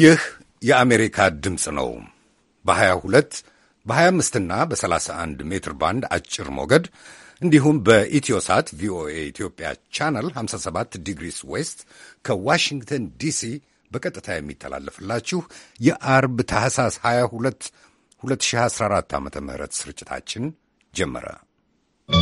ይህ የአሜሪካ ድምፅ ነው። በ22 በ25ና በ31 ሜትር ባንድ አጭር ሞገድ እንዲሁም በኢትዮሳት ቪኦኤ ኢትዮጵያ ቻናል 57 ዲግሪስ ዌስት ከዋሽንግተን ዲሲ በቀጥታ የሚተላለፍላችሁ የአርብ ታህሳስ 22 2014 ዓ ም ስርጭታችን ጀመረ። ¶¶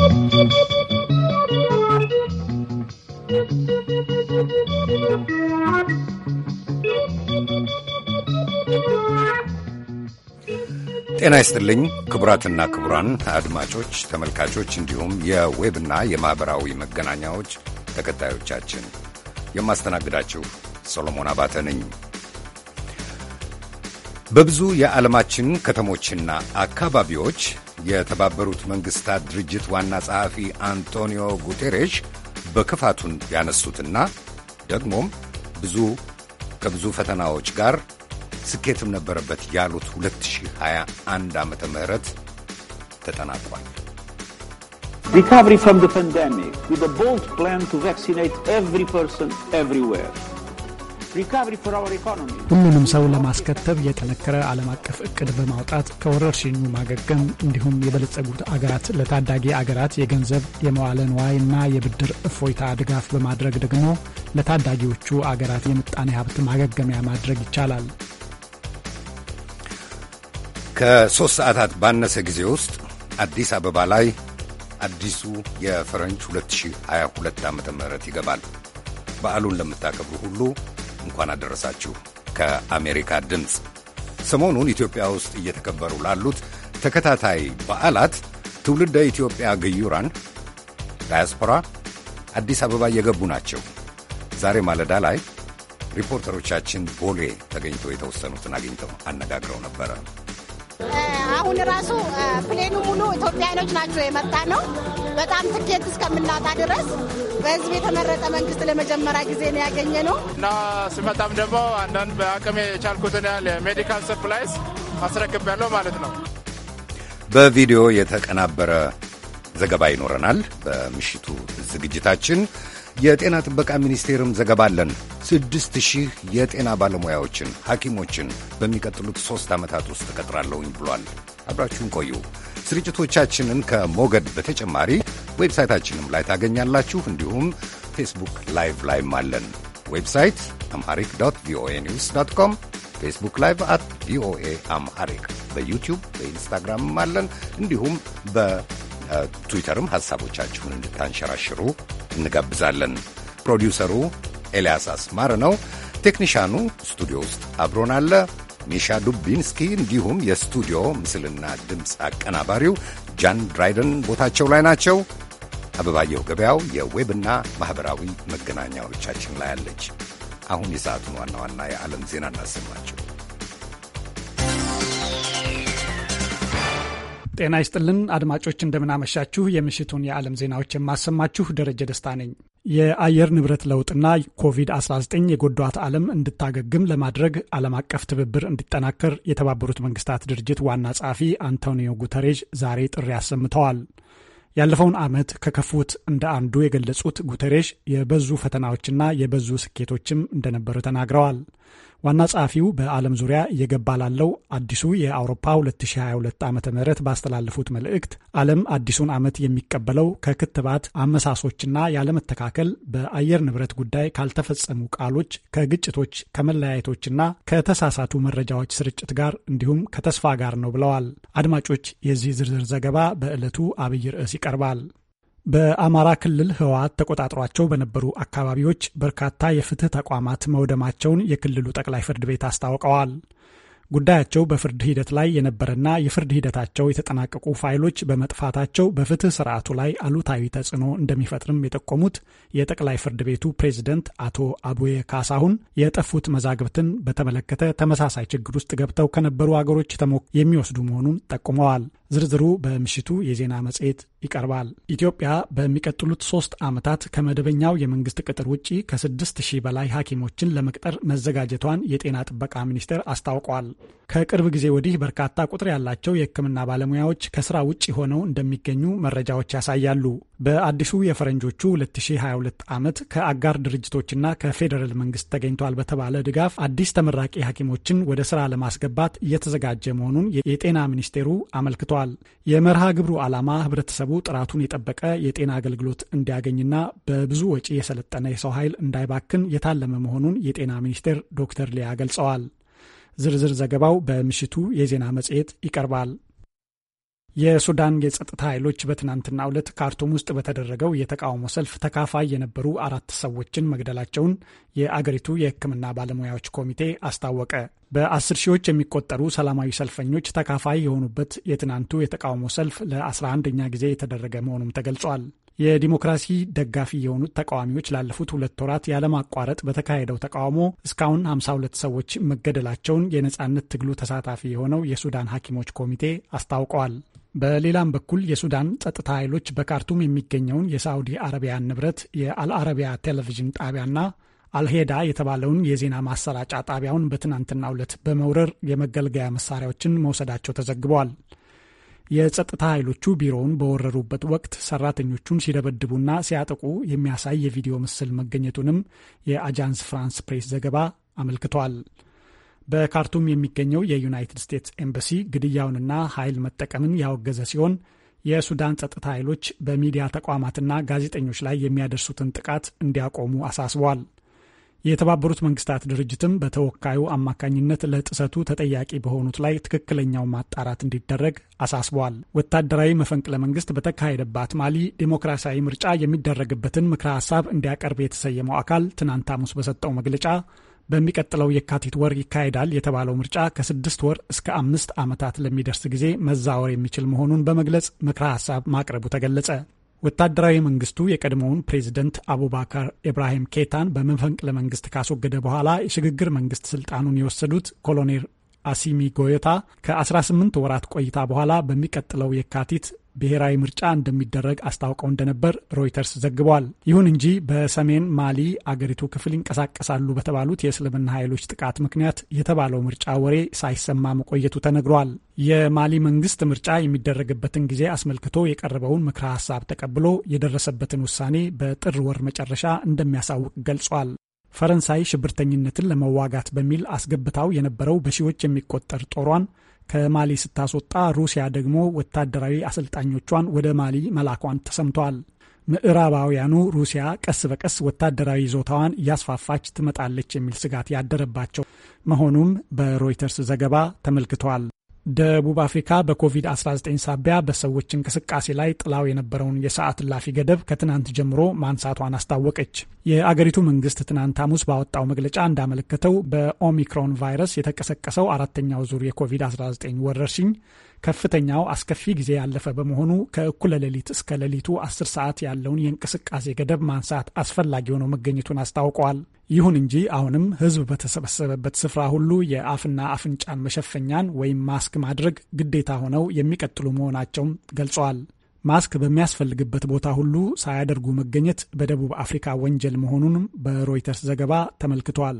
ጤና ይስጥልኝ ክቡራትና ክቡራን አድማጮች፣ ተመልካቾች እንዲሁም የዌብና የማኅበራዊ መገናኛዎች ተከታዮቻችን የማስተናግዳችሁ ሰሎሞን አባተ ነኝ። በብዙ የዓለማችን ከተሞችና አካባቢዎች የተባበሩት መንግሥታት ድርጅት ዋና ጸሐፊ አንቶኒዮ ጉቴሬሽ በክፋቱን ያነሱትና ደግሞም ብዙ ከብዙ ፈተናዎች ጋር ስኬትም ነበረበት ያሉት 2021 ዓ ም ተጠናቋል። Recovery from the pandemic with a bold plan to vaccinate every person everywhere. ሁሉንም ሰው ለማስከተብ የጠነከረ ዓለም አቀፍ እቅድ በማውጣት ከወረርሽኙ ማገገም እንዲሁም የበለጸጉት አገራት ለታዳጊ አገራት የገንዘብ የመዋለ ንዋይ እና የብድር እፎይታ ድጋፍ በማድረግ ደግሞ ለታዳጊዎቹ አገራት የምጣኔ ሀብት ማገገሚያ ማድረግ ይቻላል። ከሦስት ሰዓታት ባነሰ ጊዜ ውስጥ አዲስ አበባ ላይ አዲሱ የፈረንጅ 2022 ዓ ም ይገባል። በዓሉን ለምታከብሩ ሁሉ እንኳን አደረሳችሁ። ከአሜሪካ ድምፅ ሰሞኑን ኢትዮጵያ ውስጥ እየተከበሩ ላሉት ተከታታይ በዓላት ትውልደ ኢትዮጵያ ግዩራን ዳያስፖራ አዲስ አበባ እየገቡ ናቸው። ዛሬ ማለዳ ላይ ሪፖርተሮቻችን ቦሌ ተገኝተው የተወሰኑትን አግኝተው አነጋግረው ነበረ። አሁን ራሱ ፕሌኑ ሙሉ ኢትዮጵያኖች ናቸው የመጣ ነው። በጣም ትኬት እስከምናጣ ድረስ በህዝብ የተመረጠ መንግስት ለመጀመሪያ ጊዜ ነው ያገኘ ነው እና ስመጣም ደግሞ አንዳንድ በአቅም የቻልኩትን ያህል የሜዲካል ሰፕላይስ አስረክብ ያለው ማለት ነው። በቪዲዮ የተቀናበረ ዘገባ ይኖረናል በምሽቱ ዝግጅታችን። የጤና ጥበቃ ሚኒስቴርም ዘገባ አለን። ስድስት ሺህ የጤና ባለሙያዎችን ሐኪሞችን በሚቀጥሉት ሦስት ዓመታት ውስጥ እቀጥራለሁኝ ብሏል። አብራችሁን ቆዩ። ስርጭቶቻችንን ከሞገድ በተጨማሪ ዌብሳይታችንም ላይ ታገኛላችሁ። እንዲሁም ፌስቡክ ላይቭ ላይም አለን። ዌብሳይት አምሃሪክ ዶት ቪኦኤ ኒውስ ዶት ኮም፣ ፌስቡክ ላይቭ አት ቪኦኤ አምሃሪክ፣ በዩቲዩብ በኢንስታግራምም አለን። እንዲሁም በትዊተርም ሐሳቦቻችሁን እንድታንሸራሽሩ እንጋብዛለን። ፕሮዲውሰሩ ኤልያስ አስማረ ነው። ቴክኒሻኑ ስቱዲዮ ውስጥ አብሮናለ ሚሻ ዱቢንስኪ እንዲሁም የስቱዲዮ ምስልና ድምፅ አቀናባሪው ጃን ድራይደን ቦታቸው ላይ ናቸው። አበባየሁ ገበያው የዌብና ማኅበራዊ መገናኛዎቻችን ላይ አለች። አሁን የሰዓቱን ዋና ዋና የዓለም ዜና እናሰማቸው። ጤና ይስጥልን አድማጮች፣ እንደምናመሻችሁ። የምሽቱን የዓለም ዜናዎች የማሰማችሁ ደረጀ ደስታ ነኝ። የአየር ንብረት ለውጥና ኮቪድ-19 የጎዷት ዓለም እንድታገግም ለማድረግ ዓለም አቀፍ ትብብር እንዲጠናከር የተባበሩት መንግስታት ድርጅት ዋና ጸሐፊ አንቶኒዮ ጉተሬዥ ዛሬ ጥሪ አሰምተዋል። ያለፈውን ዓመት ከከፉት እንደ አንዱ የገለጹት ጉተሬሽ የበዙ ፈተናዎችና የበዙ ስኬቶችም እንደነበሩ ተናግረዋል። ዋና ጸሐፊው በዓለም ዙሪያ እየገባ ላለው አዲሱ የአውሮፓ 2022 ዓ ም ባስተላለፉት መልእክት ዓለም አዲሱን ዓመት የሚቀበለው ከክትባት አመሳሶችና ያለመተካከል በአየር ንብረት ጉዳይ ካልተፈጸሙ ቃሎች፣ ከግጭቶች፣ ከመለያየቶችና ከተሳሳቱ መረጃዎች ስርጭት ጋር እንዲሁም ከተስፋ ጋር ነው ብለዋል። አድማጮች፣ የዚህ ዝርዝር ዘገባ በዕለቱ አብይ ርዕስ ይቀርባል። በአማራ ክልል ህወሓት ተቆጣጥሯቸው በነበሩ አካባቢዎች በርካታ የፍትህ ተቋማት መውደማቸውን የክልሉ ጠቅላይ ፍርድ ቤት አስታውቀዋል። ጉዳያቸው በፍርድ ሂደት ላይ የነበረና የፍርድ ሂደታቸው የተጠናቀቁ ፋይሎች በመጥፋታቸው በፍትህ ስርዓቱ ላይ አሉታዊ ተጽዕኖ እንደሚፈጥርም የጠቆሙት የጠቅላይ ፍርድ ቤቱ ፕሬዝደንት አቶ አቡየ ካሳሁን የጠፉት መዛግብትን በተመለከተ ተመሳሳይ ችግር ውስጥ ገብተው ከነበሩ አገሮች የሚወስዱ መሆኑን ጠቁመዋል። ዝርዝሩ በምሽቱ የዜና መጽሔት ይቀርባል። ኢትዮጵያ በሚቀጥሉት ሶስት ዓመታት ከመደበኛው የመንግስት ቅጥር ውጪ ከስድስት ሺህ በላይ ሐኪሞችን ለመቅጠር መዘጋጀቷን የጤና ጥበቃ ሚኒስቴር አስታውቋል። ከቅርብ ጊዜ ወዲህ በርካታ ቁጥር ያላቸው የሕክምና ባለሙያዎች ከስራ ውጭ ሆነው እንደሚገኙ መረጃዎች ያሳያሉ። በአዲሱ የፈረንጆቹ 2022 ዓመት ከአጋር ድርጅቶችና ከፌዴራል መንግስት ተገኝቷል በተባለ ድጋፍ አዲስ ተመራቂ ሐኪሞችን ወደ ስራ ለማስገባት እየተዘጋጀ መሆኑን የጤና ሚኒስቴሩ አመልክቷል። የመርሃ ግብሩ ዓላማ ህብረተሰቡ ጥራቱን የጠበቀ የጤና አገልግሎት እንዲያገኝና በብዙ ወጪ የሰለጠነ የሰው ኃይል እንዳይባክን የታለመ መሆኑን የጤና ሚኒስቴር ዶክተር ሊያ ገልጸዋል። ዝርዝር ዘገባው በምሽቱ የዜና መጽሔት ይቀርባል። የሱዳን የጸጥታ ኃይሎች በትናንትናው ዕለት ካርቱም ውስጥ በተደረገው የተቃውሞ ሰልፍ ተካፋይ የነበሩ አራት ሰዎችን መግደላቸውን የአገሪቱ የሕክምና ባለሙያዎች ኮሚቴ አስታወቀ። በአስር ሺዎች የሚቆጠሩ ሰላማዊ ሰልፈኞች ተካፋይ የሆኑበት የትናንቱ የተቃውሞ ሰልፍ ለ11ኛ ጊዜ የተደረገ መሆኑም ተገልጿል። የዲሞክራሲ ደጋፊ የሆኑት ተቃዋሚዎች ላለፉት ሁለት ወራት ያለማቋረጥ በተካሄደው ተቃውሞ እስካሁን 52 ሰዎች መገደላቸውን የነፃነት ትግሉ ተሳታፊ የሆነው የሱዳን ሐኪሞች ኮሚቴ አስታውቀዋል። በሌላም በኩል የሱዳን ጸጥታ ኃይሎች በካርቱም የሚገኘውን የሳዑዲ አረቢያ ንብረት የአልአረቢያ ቴሌቪዥን ጣቢያና አልሄዳ የተባለውን የዜና ማሰራጫ ጣቢያውን በትናንትናው ዕለት በመውረር የመገልገያ መሳሪያዎችን መውሰዳቸው ተዘግበዋል። የጸጥታ ኃይሎቹ ቢሮውን በወረሩበት ወቅት ሰራተኞቹን ሲደበድቡና ሲያጠቁ የሚያሳይ የቪዲዮ ምስል መገኘቱንም የአጃንስ ፍራንስ ፕሬስ ዘገባ አመልክቷል። በካርቱም የሚገኘው የዩናይትድ ስቴትስ ኤምባሲ ግድያውንና ኃይል መጠቀምን ያወገዘ ሲሆን የሱዳን ጸጥታ ኃይሎች በሚዲያ ተቋማትና ጋዜጠኞች ላይ የሚያደርሱትን ጥቃት እንዲያቆሙ አሳስቧል። የተባበሩት መንግስታት ድርጅትም በተወካዩ አማካኝነት ለጥሰቱ ተጠያቂ በሆኑት ላይ ትክክለኛው ማጣራት እንዲደረግ አሳስቧል። ወታደራዊ መፈንቅለ መንግስት በተካሄደባት ማሊ ዴሞክራሲያዊ ምርጫ የሚደረግበትን ምክረ ሀሳብ እንዲያቀርብ የተሰየመው አካል ትናንት ሐሙስ በሰጠው መግለጫ በሚቀጥለው የካቲት ወር ይካሄዳል የተባለው ምርጫ ከስድስት ወር እስከ አምስት ዓመታት ለሚደርስ ጊዜ መዛወር የሚችል መሆኑን በመግለጽ ምክረ ሀሳብ ማቅረቡ ተገለጸ። ወታደራዊ መንግስቱ የቀድሞውን ፕሬዚደንት አቡባከር ኢብራሂም ኬታን በመፈንቅለ መንግስት ካስወገደ በኋላ የሽግግር መንግስት ስልጣኑን የወሰዱት ኮሎኔል አሲሚ ጎዮታ ከ18 ወራት ቆይታ በኋላ በሚቀጥለው የካቲት ብሔራዊ ምርጫ እንደሚደረግ አስታውቀው እንደነበር ሮይተርስ ዘግቧል። ይሁን እንጂ በሰሜን ማሊ አገሪቱ ክፍል ይንቀሳቀሳሉ በተባሉት የእስልምና ኃይሎች ጥቃት ምክንያት የተባለው ምርጫ ወሬ ሳይሰማ መቆየቱ ተነግሯል። የማሊ መንግስት ምርጫ የሚደረግበትን ጊዜ አስመልክቶ የቀረበውን ምክረ ሀሳብ ተቀብሎ የደረሰበትን ውሳኔ በጥር ወር መጨረሻ እንደሚያሳውቅ ገልጿል። ፈረንሳይ ሽብርተኝነትን ለመዋጋት በሚል አስገብታው የነበረው በሺዎች የሚቆጠር ጦሯን ከማሊ ስታስወጣ ሩሲያ ደግሞ ወታደራዊ አሰልጣኞቿን ወደ ማሊ መላኳን ተሰምቷል። ምዕራባውያኑ ሩሲያ ቀስ በቀስ ወታደራዊ ይዞታዋን እያስፋፋች ትመጣለች የሚል ስጋት ያደረባቸው መሆኑም በሮይተርስ ዘገባ ተመልክቷል። ደቡብ አፍሪካ በኮቪድ-19 ሳቢያ በሰዎች እንቅስቃሴ ላይ ጥላው የነበረውን የሰዓት እላፊ ገደብ ከትናንት ጀምሮ ማንሳቷን አስታወቀች። የአገሪቱ መንግስት ትናንት ሐሙስ ባወጣው መግለጫ እንዳመለከተው በኦሚክሮን ቫይረስ የተቀሰቀሰው አራተኛው ዙር የኮቪድ-19 ወረርሽኝ ከፍተኛው አስከፊ ጊዜ ያለፈ በመሆኑ ከእኩለ ሌሊት እስከ ሌሊቱ 10 ሰዓት ያለውን የእንቅስቃሴ ገደብ ማንሳት አስፈላጊ ሆኖ መገኘቱን አስታውቀዋል። ይሁን እንጂ አሁንም ህዝብ በተሰበሰበበት ስፍራ ሁሉ የአፍና አፍንጫን መሸፈኛን ወይም ማስክ ማድረግ ግዴታ ሆነው የሚቀጥሉ መሆናቸውም ገልጸዋል። ማስክ በሚያስፈልግበት ቦታ ሁሉ ሳያደርጉ መገኘት በደቡብ አፍሪካ ወንጀል መሆኑንም በሮይተርስ ዘገባ ተመልክቷል።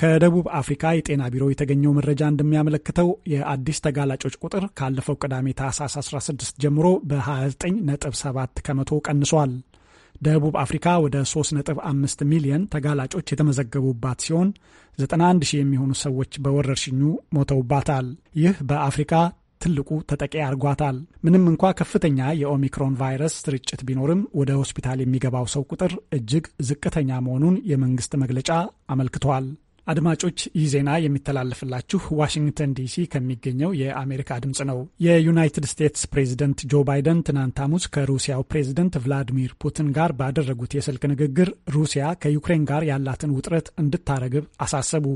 ከደቡብ አፍሪካ የጤና ቢሮ የተገኘው መረጃ እንደሚያመለክተው የአዲስ ተጋላጮች ቁጥር ካለፈው ቅዳሜ ታህሳስ 16 ጀምሮ በ 29 7 ከመቶ ቀንሷል። ደቡብ አፍሪካ ወደ 3.5 ሚሊዮን ተጋላጮች የተመዘገቡባት ሲሆን 91 ሺህ የሚሆኑ ሰዎች በወረርሽኙ ሞተውባታል። ይህ በአፍሪካ ትልቁ ተጠቂ አድርጓታል። ምንም እንኳ ከፍተኛ የኦሚክሮን ቫይረስ ስርጭት ቢኖርም ወደ ሆስፒታል የሚገባው ሰው ቁጥር እጅግ ዝቅተኛ መሆኑን የመንግስት መግለጫ አመልክቷል። አድማጮች ይህ ዜና የሚተላለፍላችሁ ዋሽንግተን ዲሲ ከሚገኘው የአሜሪካ ድምፅ ነው። የዩናይትድ ስቴትስ ፕሬዝደንት ጆ ባይደን ትናንት ሐሙስ ከሩሲያው ፕሬዝደንት ቭላዲሚር ፑቲን ጋር ባደረጉት የስልክ ንግግር ሩሲያ ከዩክሬን ጋር ያላትን ውጥረት እንድታረግብ አሳሰቡ።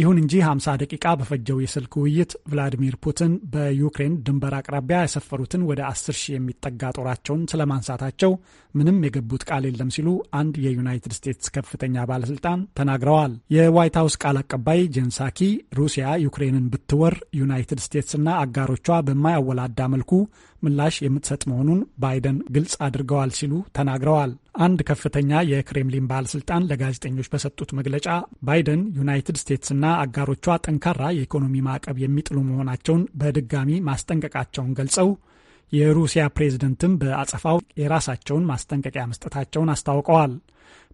ይሁን እንጂ 50 ደቂቃ በፈጀው የስልክ ውይይት ቭላዲሚር ፑቲን በዩክሬን ድንበር አቅራቢያ ያሰፈሩትን ወደ 10 ሺህ የሚጠጋ ጦራቸውን ስለማንሳታቸው ምንም የገቡት ቃል የለም ሲሉ አንድ የዩናይትድ ስቴትስ ከፍተኛ ባለስልጣን ተናግረዋል። የዋይት ሀውስ ቃል አቀባይ ጄንሳኪ ሩሲያ ዩክሬንን ብትወር ዩናይትድ ስቴትስና አጋሮቿ በማያወላዳ መልኩ ምላሽ የምትሰጥ መሆኑን ባይደን ግልጽ አድርገዋል ሲሉ ተናግረዋል። አንድ ከፍተኛ የክሬምሊን ባለስልጣን ለጋዜጠኞች በሰጡት መግለጫ ባይደን ዩናይትድ ስቴትስና አጋሮቿ ጠንካራ የኢኮኖሚ ማዕቀብ የሚጥሉ መሆናቸውን በድጋሚ ማስጠንቀቃቸውን ገልጸው የሩሲያ ፕሬዝደንትም በአጸፋው የራሳቸውን ማስጠንቀቂያ መስጠታቸውን አስታውቀዋል።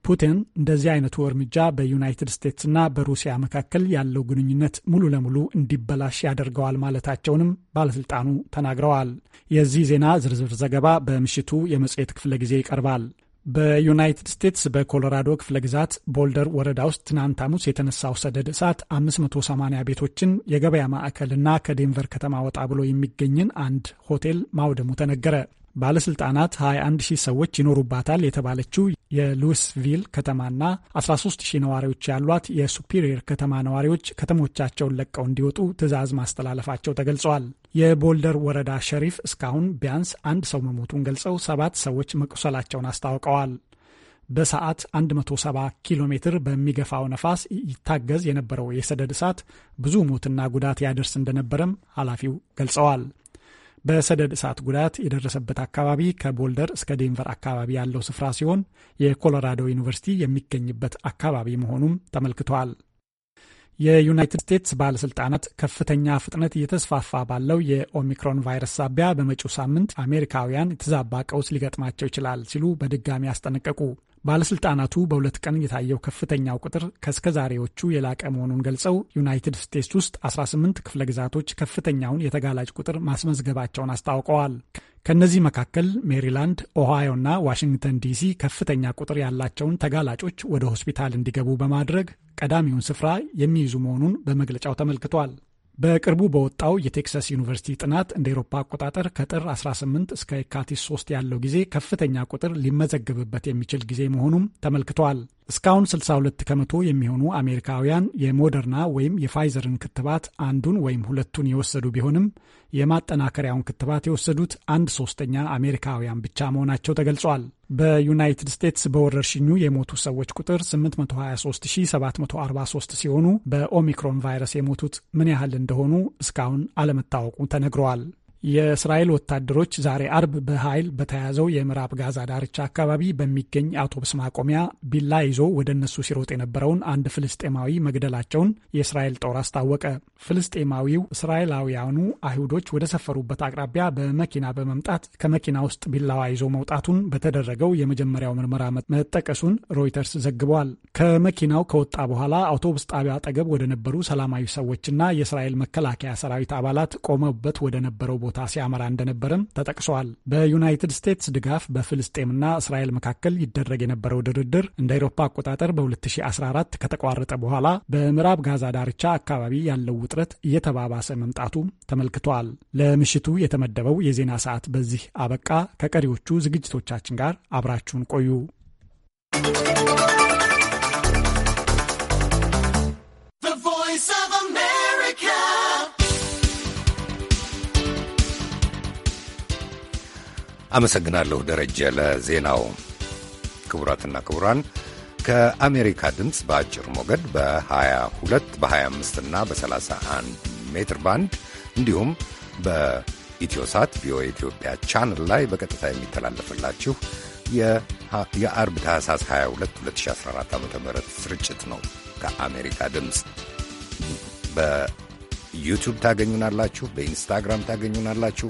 ፑቲን እንደዚህ አይነቱ እርምጃ በዩናይትድ ስቴትስና በሩሲያ መካከል ያለው ግንኙነት ሙሉ ለሙሉ እንዲበላሽ ያደርገዋል ማለታቸውንም ባለስልጣኑ ተናግረዋል። የዚህ ዜና ዝርዝር ዘገባ በምሽቱ የመጽሔት ክፍለ ጊዜ ይቀርባል። በዩናይትድ ስቴትስ በኮሎራዶ ክፍለ ግዛት ቦልደር ወረዳ ውስጥ ትናንት ሐሙስ የተነሳው ሰደድ እሳት 580 ቤቶችን፣ የገበያ ማዕከልና ከዴንቨር ከተማ ወጣ ብሎ የሚገኝን አንድ ሆቴል ማውደሙ ተነገረ። ባለስልጣናት 21 ሺህ ሰዎች ይኖሩባታል የተባለችው የሉዊስቪል ከተማና 13 ሺህ ነዋሪዎች ያሏት የሱፒሪየር ከተማ ነዋሪዎች ከተሞቻቸውን ለቀው እንዲወጡ ትዕዛዝ ማስተላለፋቸው ተገልጸዋል። የቦልደር ወረዳ ሸሪፍ እስካሁን ቢያንስ አንድ ሰው መሞቱን ገልጸው ሰባት ሰዎች መቁሰላቸውን አስታውቀዋል። በሰዓት 170 ኪሎ ሜትር በሚገፋው ነፋስ ይታገዝ የነበረው የሰደድ እሳት ብዙ ሞትና ጉዳት ያደርስ እንደነበረም ኃላፊው ገልጸዋል። በሰደድ እሳት ጉዳት የደረሰበት አካባቢ ከቦልደር እስከ ዴንቨር አካባቢ ያለው ስፍራ ሲሆን የኮሎራዶ ዩኒቨርሲቲ የሚገኝበት አካባቢ መሆኑም ተመልክቷል። የዩናይትድ ስቴትስ ባለስልጣናት ከፍተኛ ፍጥነት እየተስፋፋ ባለው የኦሚክሮን ቫይረስ ሳቢያ በመጪው ሳምንት አሜሪካውያን የተዛባ ቀውስ ሊገጥማቸው ይችላል ሲሉ በድጋሚ አስጠነቀቁ። ባለስልጣናቱ በሁለት ቀን የታየው ከፍተኛው ቁጥር ከእስከዛሬዎቹ የላቀ መሆኑን ገልጸው ዩናይትድ ስቴትስ ውስጥ 18 ክፍለ ግዛቶች ከፍተኛውን የተጋላጭ ቁጥር ማስመዝገባቸውን አስታውቀዋል። ከእነዚህ መካከል ሜሪላንድ፣ ኦሃዮ እና ዋሽንግተን ዲሲ ከፍተኛ ቁጥር ያላቸውን ተጋላጮች ወደ ሆስፒታል እንዲገቡ በማድረግ ቀዳሚውን ስፍራ የሚይዙ መሆኑን በመግለጫው ተመልክቷል። በቅርቡ በወጣው የቴክሳስ ዩኒቨርሲቲ ጥናት እንደ ኤሮፓ አቆጣጠር ከጥር 18 እስከ የካቲት 3 ያለው ጊዜ ከፍተኛ ቁጥር ሊመዘገብበት የሚችል ጊዜ መሆኑም ተመልክቷል። እስካሁን 62 ከመቶ የሚሆኑ አሜሪካውያን የሞደርና ወይም የፋይዘርን ክትባት አንዱን ወይም ሁለቱን የወሰዱ ቢሆንም የማጠናከሪያውን ክትባት የወሰዱት አንድ ሶስተኛ አሜሪካውያን ብቻ መሆናቸው ተገልጿል። በዩናይትድ ስቴትስ በወረርሽኙ የሞቱ ሰዎች ቁጥር 823743 ሲሆኑ በኦሚክሮን ቫይረስ የሞቱት ምን ያህል እንደሆኑ እስካሁን አለመታወቁ ተነግረዋል። የእስራኤል ወታደሮች ዛሬ አርብ በኃይል በተያያዘው የምዕራብ ጋዛ ዳርቻ አካባቢ በሚገኝ አውቶቡስ ማቆሚያ ቢላ ይዞ ወደ እነሱ ሲሮጥ የነበረውን አንድ ፍልስጤማዊ መግደላቸውን የእስራኤል ጦር አስታወቀ። ፍልስጤማዊው እስራኤላውያኑ አይሁዶች ወደ ሰፈሩበት አቅራቢያ በመኪና በመምጣት ከመኪና ውስጥ ቢላዋ ይዞ መውጣቱን በተደረገው የመጀመሪያው ምርመራ መጠቀሱን ሮይተርስ ዘግቧል። ከመኪናው ከወጣ በኋላ አውቶቡስ ጣቢያ አጠገብ ወደ ነበሩ ሰላማዊ ሰዎችና የእስራኤል መከላከያ ሰራዊት አባላት ቆመውበት ወደ ነበረው ቦታ ሲያመራ እንደነበረም ተጠቅሷል። በዩናይትድ ስቴትስ ድጋፍ በፍልስጤምና እስራኤል መካከል ይደረግ የነበረው ድርድር እንደ አውሮፓ አቆጣጠር በ2014 ከተቋረጠ በኋላ በምዕራብ ጋዛ ዳርቻ አካባቢ ያለው ውጥረት እየተባባሰ መምጣቱ ተመልክቷል። ለምሽቱ የተመደበው የዜና ሰዓት በዚህ አበቃ። ከቀሪዎቹ ዝግጅቶቻችን ጋር አብራችሁን ቆዩ። አመሰግናለሁ ደረጀ ለዜናው። ክቡራትና ክቡራን ከአሜሪካ ድምፅ በአጭር ሞገድ በ22 በ25 እና በ31 ሜትር ባንድ እንዲሁም በኢትዮሳት ቪኦኤ ኢትዮጵያ ቻንል ላይ በቀጥታ የሚተላለፍላችሁ የአርብ ታህሳስ 22 2014 ዓ ም ስርጭት ነው። ከአሜሪካ ድምፅ በዩቱብ ታገኙናላችሁ፣ በኢንስታግራም ታገኙናላችሁ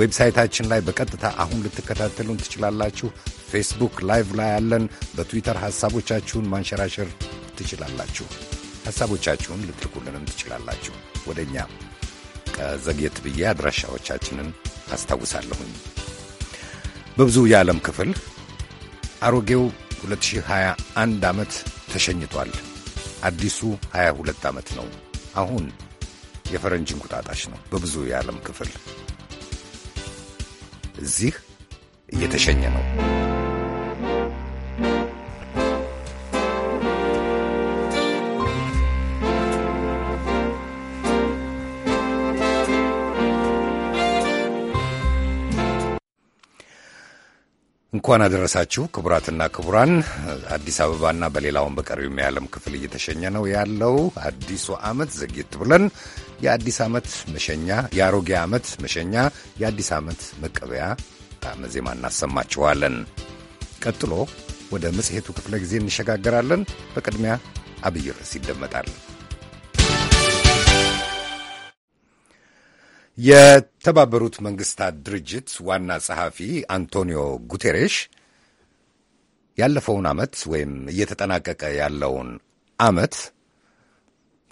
ዌብሳይታችን ላይ በቀጥታ አሁን ልትከታተሉን ትችላላችሁ። ፌስቡክ ላይቭ ላይ አለን። በትዊተር ሐሳቦቻችሁን ማንሸራሸር ትችላላችሁ። ሐሳቦቻችሁን ልትልኩልንም ትችላላችሁ ወደ እኛ። ከዘግየት ብዬ አድራሻዎቻችንን አስታውሳለሁኝ። በብዙ የዓለም ክፍል አሮጌው 2021 ዓመት ተሸኝቷል። አዲሱ 22 ዓመት ነው። አሁን የፈረንጅ እንቁጣጣሽ ነው በብዙ የዓለም ክፍል እዚህ እየተሸኘ ነው። እንኳን አደረሳችሁ ክቡራትና ክቡራን። አዲስ አበባና በሌላውን በቀሪው የዓለም ክፍል እየተሸኘ ነው ያለው አዲሱ ዓመት ዘግየት ብለን የአዲስ ዓመት መሸኛ፣ የአሮጌ ዓመት መሸኛ፣ የአዲስ ዓመት መቀበያ ጣዕመ ዜማ እናሰማችኋለን። ቀጥሎ ወደ መጽሔቱ ክፍለ ጊዜ እንሸጋገራለን። በቅድሚያ አብይ ርዕስ ይደመጣል። የተባበሩት መንግስታት ድርጅት ዋና ጸሐፊ አንቶኒዮ ጉቴሬሽ ያለፈውን ዓመት ወይም እየተጠናቀቀ ያለውን ዓመት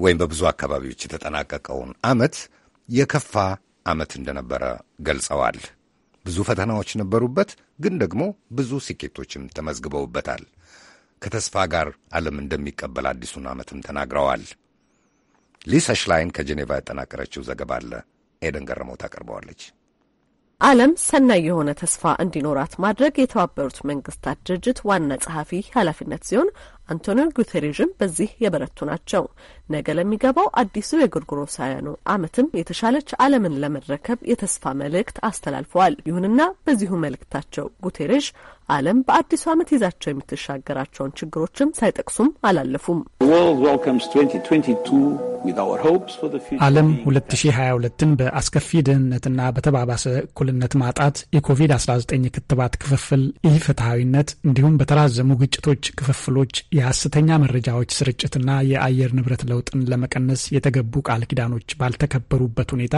ወይም በብዙ አካባቢዎች የተጠናቀቀውን ዓመት የከፋ ዓመት እንደነበረ ገልጸዋል። ብዙ ፈተናዎች ነበሩበት፣ ግን ደግሞ ብዙ ስኬቶችም ተመዝግበውበታል። ከተስፋ ጋር ዓለም እንደሚቀበል አዲሱን ዓመትም ተናግረዋል። ሊሳ ሽላይን ከጄኔቫ ያጠናቀረችው ዘገባ አለ። ኤደን ገረመው ታቀርበዋለች። ዓለም ሰናይ የሆነ ተስፋ እንዲኖራት ማድረግ የተባበሩት መንግስታት ድርጅት ዋና ጸሐፊ ኃላፊነት ሲሆን አንቶኒዮ ጉቴሬዥም በዚህ የበረቱ ናቸው። ነገ ለሚገባው አዲሱ የጎርጎሮሳውያኑ አመትም የተሻለች ዓለምን ለመረከብ የተስፋ መልእክት አስተላልፈዋል። ይሁንና በዚሁ መልእክታቸው ጉቴሬዥ ዓለም በአዲሱ ዓመት ይዛቸው የምትሻገራቸውን ችግሮችም ሳይጠቅሱም አላለፉም። ዓለም 2022ን በአስከፊ ድህነትና በተባባሰ እኩልነት ማጣት፣ የኮቪድ-19 ክትባት ክፍፍል፣ ኢፍትሐዊነት እንዲሁም በተራዘሙ ግጭቶች ክፍፍሎች የሐሰተኛ መረጃዎች ስርጭትና የአየር ንብረት ለውጥን ለመቀነስ የተገቡ ቃል ኪዳኖች ባልተከበሩበት ሁኔታ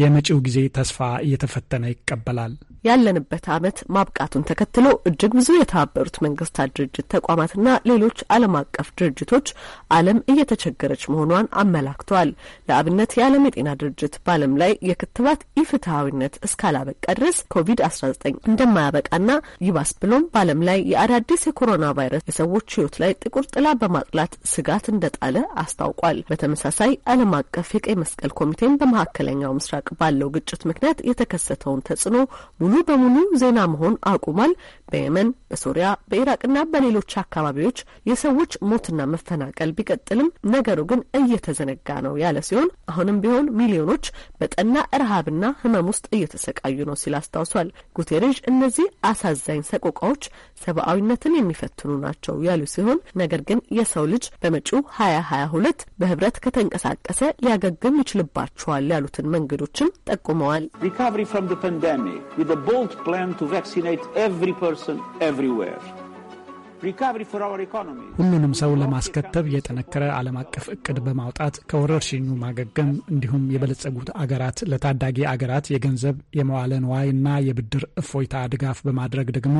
የመጪው ጊዜ ተስፋ እየተፈተነ ይቀበላል። ያለንበት ዓመት ማብቃቱን ተከትሎ እጅግ ብዙ የተባበሩት መንግስታት ድርጅት ተቋማትና ሌሎች ዓለም አቀፍ ድርጅቶች ዓለም እየተቸገረች መሆኗን አመላክተዋል። ለአብነት የዓለም የጤና ድርጅት በዓለም ላይ የክትባት ኢፍትሐዊነት እስካላበቃ ድረስ ኮቪድ-19 እንደማያበቃና ይባስ ብሎም በዓለም ላይ የአዳዲስ የኮሮና ቫይረስ የሰዎች ሕይወት ላይ ጥቁር ጥላ በማጥላት ስጋት እንደጣለ አስታውቋል። በተመሳሳይ ዓለም አቀፍ የቀይ መስቀል ኮሚቴን በመካከለኛው ምስራቅ በኢራቅ ባለው ግጭት ምክንያት የተከሰተውን ተጽዕኖ ሙሉ በሙሉ ዜና መሆን አቁሟል። በየመን፣ በሶሪያ፣ በኢራቅና በሌሎች አካባቢዎች የሰዎች ሞትና መፈናቀል ቢቀጥልም ነገሩ ግን እየተዘነጋ ነው ያለ ሲሆን አሁንም ቢሆን ሚሊዮኖች በጠና ረሃብና ሕመም ውስጥ እየተሰቃዩ ነው ሲል አስታውሷል። ጉቴሬዥ እነዚህ አሳዛኝ ሰቆቃዎች ሰብአዊነትን የሚፈትኑ ናቸው ያሉ ሲሆን ነገር ግን የሰው ልጅ በመጪው ሀያ ሀያ ሁለት በህብረት ከተንቀሳቀሰ ሊያገግም ይችልባቸዋል ያሉትን መንገዶች መረጃዎችም ጠቁመዋል። ሪካቨሪ ፍሮም ዘ ፓንደሚክ ዊዝ አ ቦልድ ፕላን ቱ ቫክሲኔት ኤቭሪ ፐርሰን ኤቭሪዌር ሁሉንም ሰው ለማስከተብ የጠነከረ ዓለም አቀፍ እቅድ በማውጣት ከወረርሽኙ ማገገም እንዲሁም የበለጸጉት አገራት ለታዳጊ አገራት የገንዘብ የመዋለ ንዋይ እና የብድር እፎይታ ድጋፍ በማድረግ ደግሞ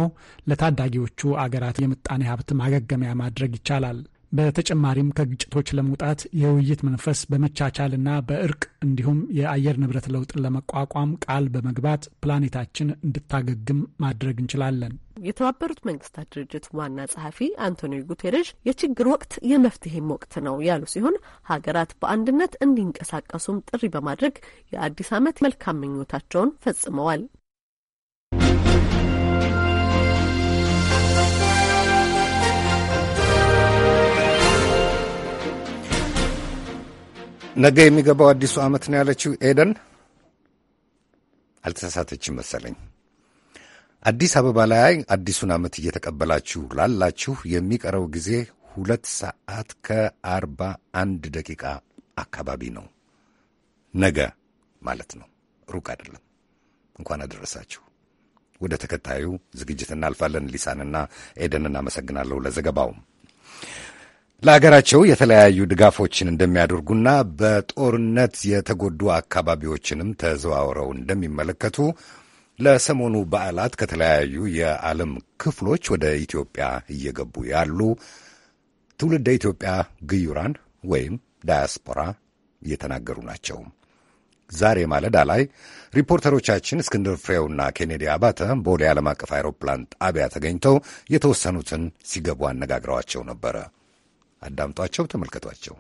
ለታዳጊዎቹ አገራት የምጣኔ ሀብት ማገገሚያ ማድረግ ይቻላል። በተጨማሪም ከግጭቶች ለመውጣት የውይይት መንፈስ በመቻቻልና በእርቅ እንዲሁም የአየር ንብረት ለውጥን ለመቋቋም ቃል በመግባት ፕላኔታችን እንድታገግም ማድረግ እንችላለን። የተባበሩት መንግስታት ድርጅት ዋና ጸሐፊ አንቶኒዮ ጉቴሬሽ የችግር ወቅት የመፍትሄም ወቅት ነው ያሉ ሲሆን ሀገራት በአንድነት እንዲንቀሳቀሱም ጥሪ በማድረግ የአዲስ ዓመት መልካም ምኞታቸውን ፈጽመዋል። ነገ የሚገባው አዲሱ ዓመት ነው ያለችው ኤደን አልተሳሳተችም መሰለኝ። አዲስ አበባ ላይ አዲሱን ዓመት እየተቀበላችሁ ላላችሁ የሚቀረው ጊዜ ሁለት ሰዓት ከአርባ አንድ ደቂቃ አካባቢ ነው። ነገ ማለት ነው። ሩቅ አይደለም። እንኳን አደረሳችሁ። ወደ ተከታዩ ዝግጅት እናልፋለን። ሊሳንና ኤደን እናመሰግናለሁ ለዘገባውም። ለአገራቸው የተለያዩ ድጋፎችን እንደሚያደርጉና በጦርነት የተጎዱ አካባቢዎችንም ተዘዋውረው እንደሚመለከቱ ለሰሞኑ በዓላት ከተለያዩ የዓለም ክፍሎች ወደ ኢትዮጵያ እየገቡ ያሉ ትውልደ ኢትዮጵያ ግዩራን ወይም ዳያስፖራ እየተናገሩ ናቸው። ዛሬ ማለዳ ላይ ሪፖርተሮቻችን እስክንድር ፍሬውና ኬኔዲ አባተ ቦሌ ዓለም አቀፍ አውሮፕላን ጣቢያ ተገኝተው የተወሰኑትን ሲገቡ አነጋግረዋቸው ነበረ። አዳምጧቸው፣ ተመልከቷቸው።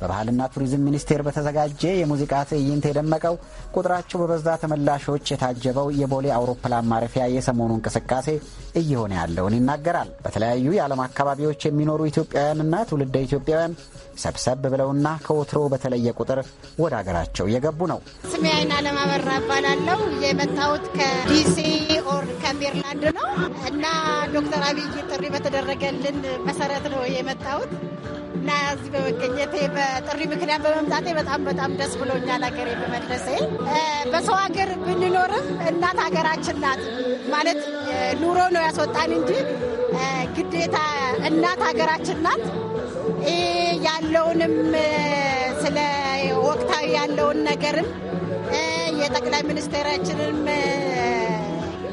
በባህልና ቱሪዝም ሚኒስቴር በተዘጋጀ የሙዚቃ ትዕይንት የደመቀው ቁጥራቸው በበዛ ተመላሾች የታጀበው የቦሌ አውሮፕላን ማረፊያ የሰሞኑ እንቅስቃሴ እየሆነ ያለውን ይናገራል። በተለያዩ የዓለም አካባቢዎች የሚኖሩ ኢትዮጵያውያንና ትውልደ ኢትዮጵያውያን ሰብሰብ ብለውና ከወትሮ በተለየ ቁጥር ወደ ሀገራቸው እየገቡ ነው። ስሜ አይን አለማበራ እባላለሁ። የመጣሁት ከዲሲ ኦር ከሜርላንድ ነው እና ዶክተር አብይ ጥሪ በተደረገልን መሰረት ነው የመጣሁት እና እዚህ በመገኘቴ በጥሪ ምክንያት በመምጣቴ በጣም በጣም ደስ ብሎኛል። ሀገሬ በመድረሴ በሰው ሀገር ብንኖርም እናት ሀገራችን ናት ማለት ኑሮ ነው ያስወጣን እንጂ ግዴታ እናት ሀገራችን ናት። ያለውንም ስለ ወቅታዊ ያለውን ነገርም የጠቅላይ ሚኒስቴራችንም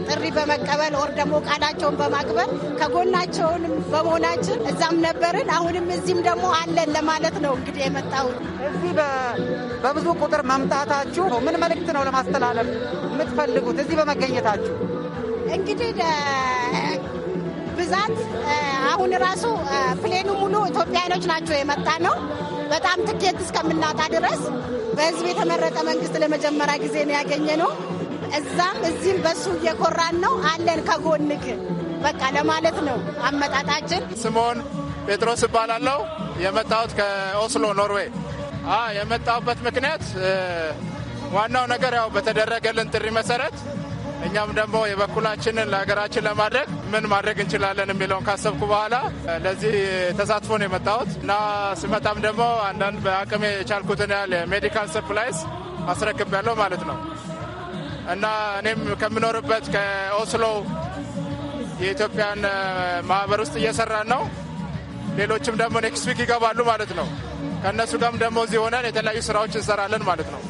ጥሪ በመቀበል ወር ደግሞ ቃላቸውን በማክበር ከጎናቸውንም በመሆናችን እዛም ነበርን፣ አሁንም እዚህም ደግሞ አለን ለማለት ነው እንግዲህ የመጣሁት። እዚህ በብዙ ቁጥር መምጣታችሁ ምን መልእክት ነው ለማስተላለፍ የምትፈልጉት እዚህ በመገኘታችሁ? እንግዲህ ብዛት አሁን ራሱ ፕሌኑ ሙሉ ኢትዮጵያኖች ናቸው የመጣ ነው። በጣም ትኬት እስከምናጣ ድረስ በህዝብ የተመረጠ መንግስት ለመጀመሪያ ጊዜ ነው ያገኘ ነው። እዛም እዚህም በሱ እየኮራን ነው አለን ከጎንክ በቃ ለማለት ነው አመጣጣችን። ስምዖን ጴጥሮስ እባላለሁ። የመጣሁት ከኦስሎ ኖርዌይ። የመጣሁበት ምክንያት ዋናው ነገር ያው በተደረገልን ጥሪ መሰረት እኛም ደግሞ የበኩላችንን ለሀገራችን ለማድረግ ምን ማድረግ እንችላለን የሚለውን ካሰብኩ በኋላ ለዚህ ተሳትፎ ነው የመጣሁት እና ስመጣም ደግሞ አንዳንድ በአቅሜ የቻልኩትን ያህል የሜዲካል ሰፕላይስ አስረክብ ያለው ማለት ነው። እና እኔም ከምኖርበት ከኦስሎ የኢትዮጵያን ማህበር ውስጥ እየሰራን ነው። ሌሎችም ደግሞ ኔክስት ዊክ ይገባሉ ማለት ነው። ከእነሱ ጋርም ደግሞ እዚህ ሆነን የተለያዩ ስራዎች እንሰራለን ማለት ነው።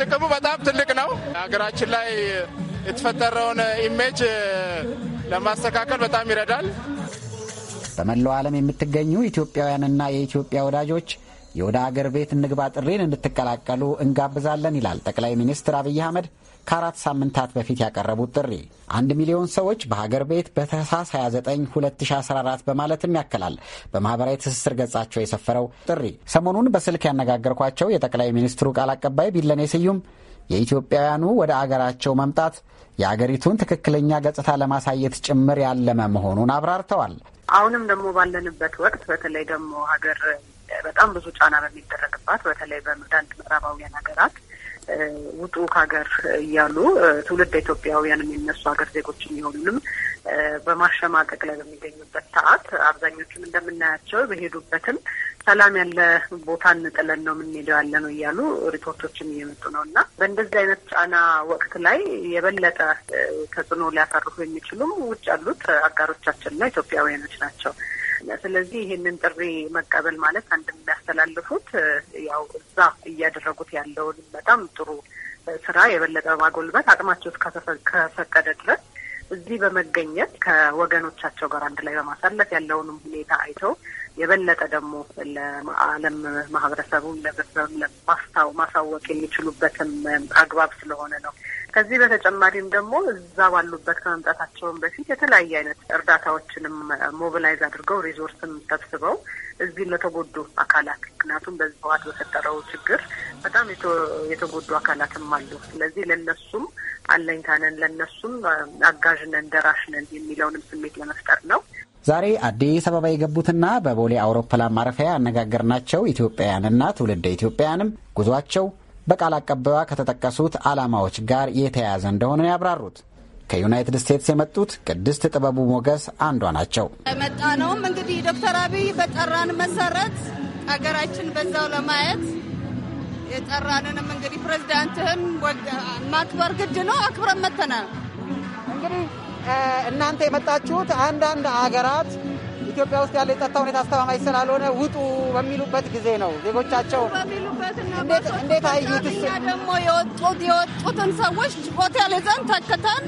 ጥቅሙ በጣም ትልቅ ነው። ሀገራችን ላይ የተፈጠረውን ኢሜጅ ለማስተካከል በጣም ይረዳል። በመላው ዓለም የምትገኙ ኢትዮጵያውያንና የኢትዮጵያ ወዳጆች የወደ አገር ቤት እንግባ ጥሪን እንድትቀላቀሉ እንጋብዛለን ይላል ጠቅላይ ሚኒስትር አብይ አህመድ ከአራት ሳምንታት በፊት ያቀረቡት ጥሪ አንድ ሚሊዮን ሰዎች በሀገር ቤት በታህሳስ 29 2014 በማለትም ያክላል በማህበራዊ ትስስር ገጻቸው የሰፈረው ጥሪ። ሰሞኑን በስልክ ያነጋገርኳቸው የጠቅላይ ሚኒስትሩ ቃል አቀባይ ቢለኔ ስዩም የኢትዮጵያውያኑ ወደ አገራቸው መምጣት የአገሪቱን ትክክለኛ ገጽታ ለማሳየት ጭምር ያለመ መሆኑን አብራርተዋል። አሁንም ደግሞ ባለንበት ወቅት በተለይ ደግሞ ሀገር በጣም ብዙ ጫና በሚደረግባት በተለይ በአንዳንድ ምዕራባውያን ሀገራት ውጡ ከሀገር እያሉ ትውልድ ኢትዮጵያውያን የሚነሱ ሀገር ዜጎች የሚሆኑንም በማሸማቀቅ ላይ በሚገኙበት ሰዓት አብዛኞቹም እንደምናያቸው በሄዱበትም ሰላም ያለ ቦታ እንጥለን ነው የምንሄደው ያለ ነው እያሉ ሪፖርቶችም እየመጡ ነው እና በእንደዚህ አይነት ጫና ወቅት ላይ የበለጠ ተጽዕኖ ሊያሳርፉ የሚችሉም ውጭ ያሉት አጋሮቻችንና ኢትዮጵያውያኖች ናቸው። ስለዚህ ይህንን ጥሪ መቀበል ማለት አንድ የሚያስተላልፉት ያው እዛ እያደረጉት ያለውን በጣም ጥሩ ስራ የበለጠ ማጎልበት አቅማቸው እስከፈቀደ ድረስ እዚህ በመገኘት ከወገኖቻቸው ጋር አንድ ላይ በማሳለፍ ያለውንም ሁኔታ አይተው የበለጠ ደግሞ ለዓለም ማህበረሰቡ ለማስታው ማሳወቅ የሚችሉበትም አግባብ ስለሆነ ነው ከዚህ በተጨማሪም ደግሞ እዛ ባሉበት ከመምጣታቸውን በፊት የተለያየ አይነት እርዳታዎችንም ሞቢላይዝ አድርገው ሪዞርስም ሰብስበው እዚህ ለተጎዱ አካላት ምክንያቱም በዚህ በፈጠረው ችግር በጣም የተጎዱ አካላትም አሉ። ስለዚህ ለነሱም አለኝታነን ለነሱም አጋዥነን ደራሽነን የሚለውንም ስሜት ለመፍጠር ነው። ዛሬ አዲስ አበባ የገቡትና በቦሌ አውሮፕላን ማረፊያ ያነጋገርናቸው ኢትዮጵያውያንና ትውልደ ኢትዮጵያውያንም ጉዟቸው በቃል አቀባዋ ከተጠቀሱት ዓላማዎች ጋር የተያያዘ እንደሆነ ያብራሩት። ከዩናይትድ ስቴትስ የመጡት ቅድስት ጥበቡ ሞገስ አንዷ ናቸው። የመጣ ነውም እንግዲህ ዶክተር አብይ በጠራን መሰረት አገራችን በዛው ለማየት የጠራንንም እንግዲህ ፕሬዚዳንትህን ማክበር ግድ ነው። አክብረን መተናል። እንግዲህ እናንተ የመጣችሁት አንዳንድ አገራት ኢትዮጵያ ውስጥ ያለ የጸጥታ ሁኔታ አስተማማኝ ስላልሆነ ውጡ በሚሉበት ጊዜ ነው ዜጎቻቸው እንዴት አዩትስ? ደግሞ የወጡትን ሰዎች ሆቴል ይዘን ተክተን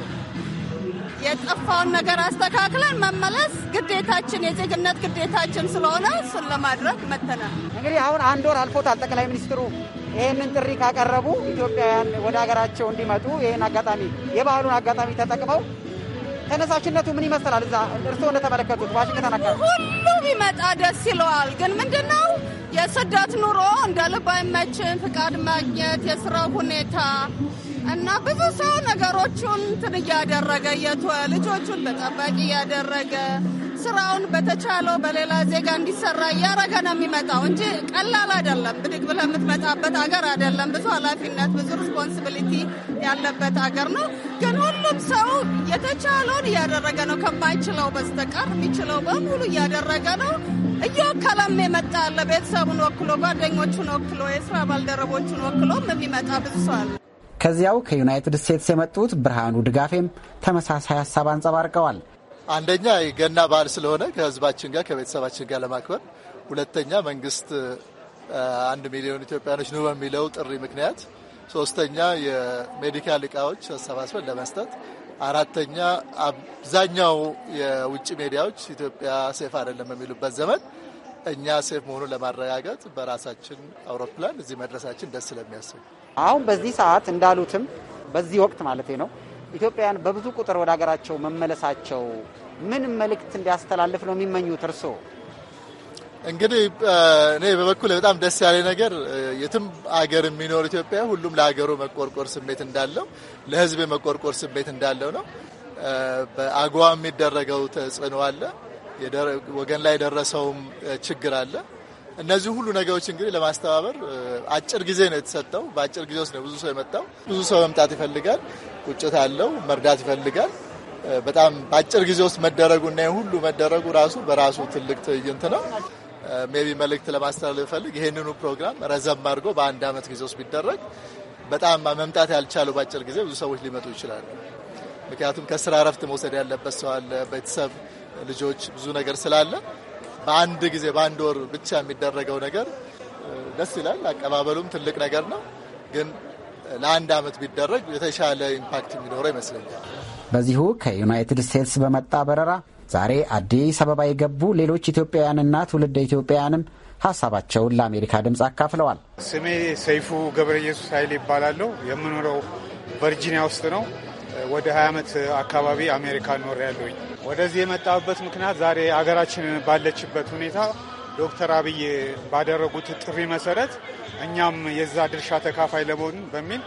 የጠፋውን ነገር አስተካክለን መመለስ ግዴታችን የዜግነት ግዴታችን ስለሆነ እሱን ለማድረግ መተናል። እንግዲህ አሁን አንድ ወር አልፎታል። ጠቅላይ ሚኒስትሩ ይህንን ጥሪ ካቀረቡ ኢትዮጵያውያን ወደ ሀገራቸው እንዲመጡ ይህን አጋጣሚ የባህሉን አጋጣሚ ተጠቅመው ተነሳሽነቱ ምን ይመስላል? እዛ እርስዎ እንደተመለከቱት ዋሽንግተን አካባቢ ሁሉም ይመጣ ደስ ይለዋል። ግን ምንድን ነው የስደት ኑሮ እንደ ልብ አይመችም። ፍቃድ ማግኘት፣ የስራ ሁኔታ እና ብዙ ሰው ነገሮቹን እንትን እያደረገ የቶ ልጆቹን በጠባቂ እያደረገ ስራውን በተቻለው በሌላ ዜጋ እንዲሰራ እያረገ ነው የሚመጣው እንጂ ቀላል አይደለም። ብድግ ብለህ የምትመጣበት ሀገር አይደለም። ብዙ ኃላፊነት፣ ብዙ ሪስፖንሲቢሊቲ ያለበት ሀገር ነው። ግን ሁሉም ሰው የተቻለውን እያደረገ ነው። ከማይችለው በስተቀር የሚችለው በሙሉ እያደረገ ነው። እየወከለም የመጣ አለ። ቤተሰቡን ወክሎ፣ ጓደኞቹን ወክሎ፣ የስራ ባልደረቦቹን ወክሎም የሚመጣ ብዙ ሰው አለ። ከዚያው ከዩናይትድ ስቴትስ የመጡት ብርሃኑ ድጋፌም ተመሳሳይ ሀሳብ አንጸባርቀዋል። አንደኛ የገና በዓል ስለሆነ ከህዝባችን ጋር ከቤተሰባችን ጋር ለማክበር፣ ሁለተኛ መንግስት አንድ ሚሊዮን ኢትዮጵያኖች ኑ በሚለው ጥሪ ምክንያት፣ ሶስተኛ የሜዲካል እቃዎች አሰባስበን ለመስጠት፣ አራተኛ አብዛኛው የውጭ ሜዲያዎች ኢትዮጵያ ሴፍ አይደለም በሚሉበት ዘመን እኛ ሴፍ መሆኑን ለማረጋገጥ በራሳችን አውሮፕላን እዚህ መድረሳችን ደስ ስለሚያስብ አሁን በዚህ ሰዓት እንዳሉትም በዚህ ወቅት ማለት ነው ኢትዮጵያውያን በብዙ ቁጥር ወደ ሀገራቸው መመለሳቸው ምን መልእክት እንዲያስተላልፍ ነው የሚመኙት እርስዎ? እንግዲህ እኔ በበኩል በጣም ደስ ያለ ነገር የትም አገር የሚኖር ኢትዮጵያ ሁሉም ለሀገሩ መቆርቆር ስሜት እንዳለው ለሕዝብ የመቆርቆር ስሜት እንዳለው ነው። በአጎዋ የሚደረገው ተጽዕኖ አለ፣ ወገን ላይ የደረሰውም ችግር አለ። እነዚህ ሁሉ ነገሮች እንግዲህ ለማስተባበር አጭር ጊዜ ነው የተሰጠው። በአጭር ጊዜ ውስጥ ነው ብዙ ሰው የመጣው። ብዙ ሰው መምጣት ይፈልጋል። ቁጭት አለው፣ መርዳት ይፈልጋል። በጣም በአጭር ጊዜ ውስጥ መደረጉ እና ሁሉ መደረጉ ራሱ በራሱ ትልቅ ትዕይንት ነው። ሜቢ መልእክት ለማስተላለፍ ይፈልግ ይህንኑ ፕሮግራም ረዘም አድርጎ በአንድ አመት ጊዜ ውስጥ ቢደረግ በጣም መምጣት ያልቻሉ በአጭር ጊዜ ብዙ ሰዎች ሊመጡ ይችላሉ። ምክንያቱም ከስራ እረፍት መውሰድ ያለበት ሰው አለ፣ ቤተሰብ፣ ልጆች፣ ብዙ ነገር ስላለ በአንድ ጊዜ በአንድ ወር ብቻ የሚደረገው ነገር ደስ ይላል። አቀባበሉም ትልቅ ነገር ነው ግን ለአንድ ዓመት ቢደረግ የተሻለ ኢምፓክት የሚኖረው ይመስለኛል። በዚሁ ከዩናይትድ ስቴትስ በመጣ በረራ ዛሬ አዲስ አበባ የገቡ ሌሎች ኢትዮጵያውያንና ትውልደ ኢትዮጵያውያንም ሀሳባቸውን ለአሜሪካ ድምፅ አካፍለዋል። ስሜ ሰይፉ ገብረ ኢየሱስ ኃይል ይባላለሁ። የምኖረው ቨርጂኒያ ውስጥ ነው። ወደ 20 ዓመት አካባቢ አሜሪካ ኖር ያለውኝ። ወደዚህ የመጣሁበት ምክንያት ዛሬ አገራችን ባለችበት ሁኔታ ዶክተር አብይ ባደረጉት ጥሪ መሰረት እኛም የዛ ድርሻ ተካፋይ ለመሆን በሚል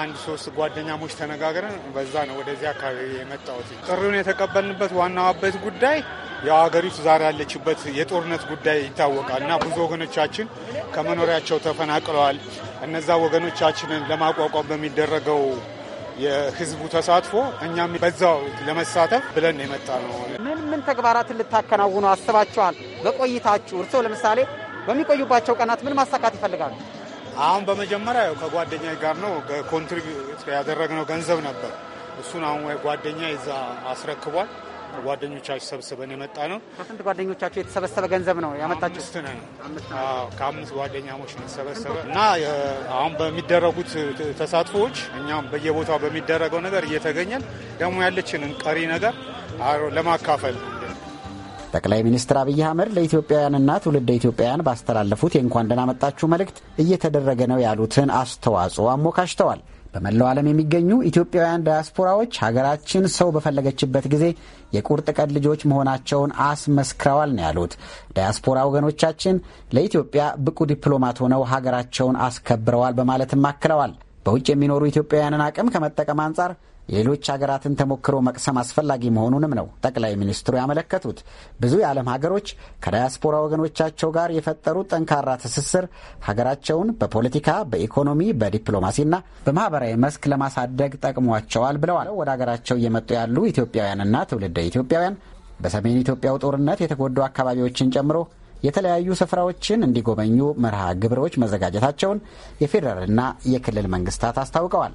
አንድ ሶስት ጓደኛሞች ተነጋግረን በዛ ነው ወደዚህ አካባቢ የመጣሁት። ጥሪውን የተቀበልንበት ዋናበት ጉዳይ ያው ሀገሪቱ ዛሬ ያለችበት የጦርነት ጉዳይ ይታወቃል እና ብዙ ወገኖቻችን ከመኖሪያቸው ተፈናቅለዋል። እነዛ ወገኖቻችንን ለማቋቋም በሚደረገው የህዝቡ ተሳትፎ እኛም በዛው ለመሳተፍ ብለን የመጣ ነው። ምን ምን ተግባራትን ልታከናውኑ አስባችኋል? በቆይታችሁ እርስዎ ለምሳሌ በሚቆዩባቸው ቀናት ምን ማሳካት ይፈልጋሉ? አሁን በመጀመሪያ ከጓደኛ ጋር ነው ኮንትሪቢዩት ያደረግነው ገንዘብ ነበር። እሱን አሁን ጓደኛ ይዛ አስረክቧል። ጓደኞቻችሁ ሰብስበን የመጣ ነው። ከስንት ጓደኞቻችሁ የተሰበሰበ ገንዘብ ነው ያመጣችሁ? አምስት ነን። ከአምስት ጓደኛሞች የተሰበሰበ እና አሁን በሚደረጉት ተሳትፎዎች እኛም በየቦታው በሚደረገው ነገር እየተገኘን ደግሞ ያለችንን ቀሪ ነገር ለማካፈል ጠቅላይ ሚኒስትር አብይ አህመድ ለኢትዮጵያውያንና ትውልደ ኢትዮጵያውያን ባስተላለፉት የእንኳን ደህና መጣችሁ መልእክት እየተደረገ ነው ያሉትን አስተዋጽኦ አሞካሽተዋል። በመላው ዓለም የሚገኙ ኢትዮጵያውያን ዳያስፖራዎች ሀገራችን ሰው በፈለገችበት ጊዜ የቁርጥ ቀን ልጆች መሆናቸውን አስመስክረዋል ነው ያሉት። ዳያስፖራ ወገኖቻችን ለኢትዮጵያ ብቁ ዲፕሎማት ሆነው ሀገራቸውን አስከብረዋል በማለትም አክለዋል። በውጭ የሚኖሩ ኢትዮጵያውያንን አቅም ከመጠቀም አንጻር የሌሎች ሀገራትን ተሞክሮ መቅሰም አስፈላጊ መሆኑንም ነው ጠቅላይ ሚኒስትሩ ያመለከቱት። ብዙ የዓለም ሀገሮች ከዳያስፖራ ወገኖቻቸው ጋር የፈጠሩት ጠንካራ ትስስር ሀገራቸውን በፖለቲካ፣ በኢኮኖሚ፣ በዲፕሎማሲና በማህበራዊ መስክ ለማሳደግ ጠቅሟቸዋል ብለዋል። ወደ ሀገራቸው እየመጡ ያሉ ኢትዮጵያውያንና ትውልደ ኢትዮጵያውያን በሰሜን ኢትዮጵያው ጦርነት የተጎዱ አካባቢዎችን ጨምሮ የተለያዩ ስፍራዎችን እንዲጎበኙ መርሃ ግብሮች መዘጋጀታቸውን የፌዴራልና የክልል መንግስታት አስታውቀዋል።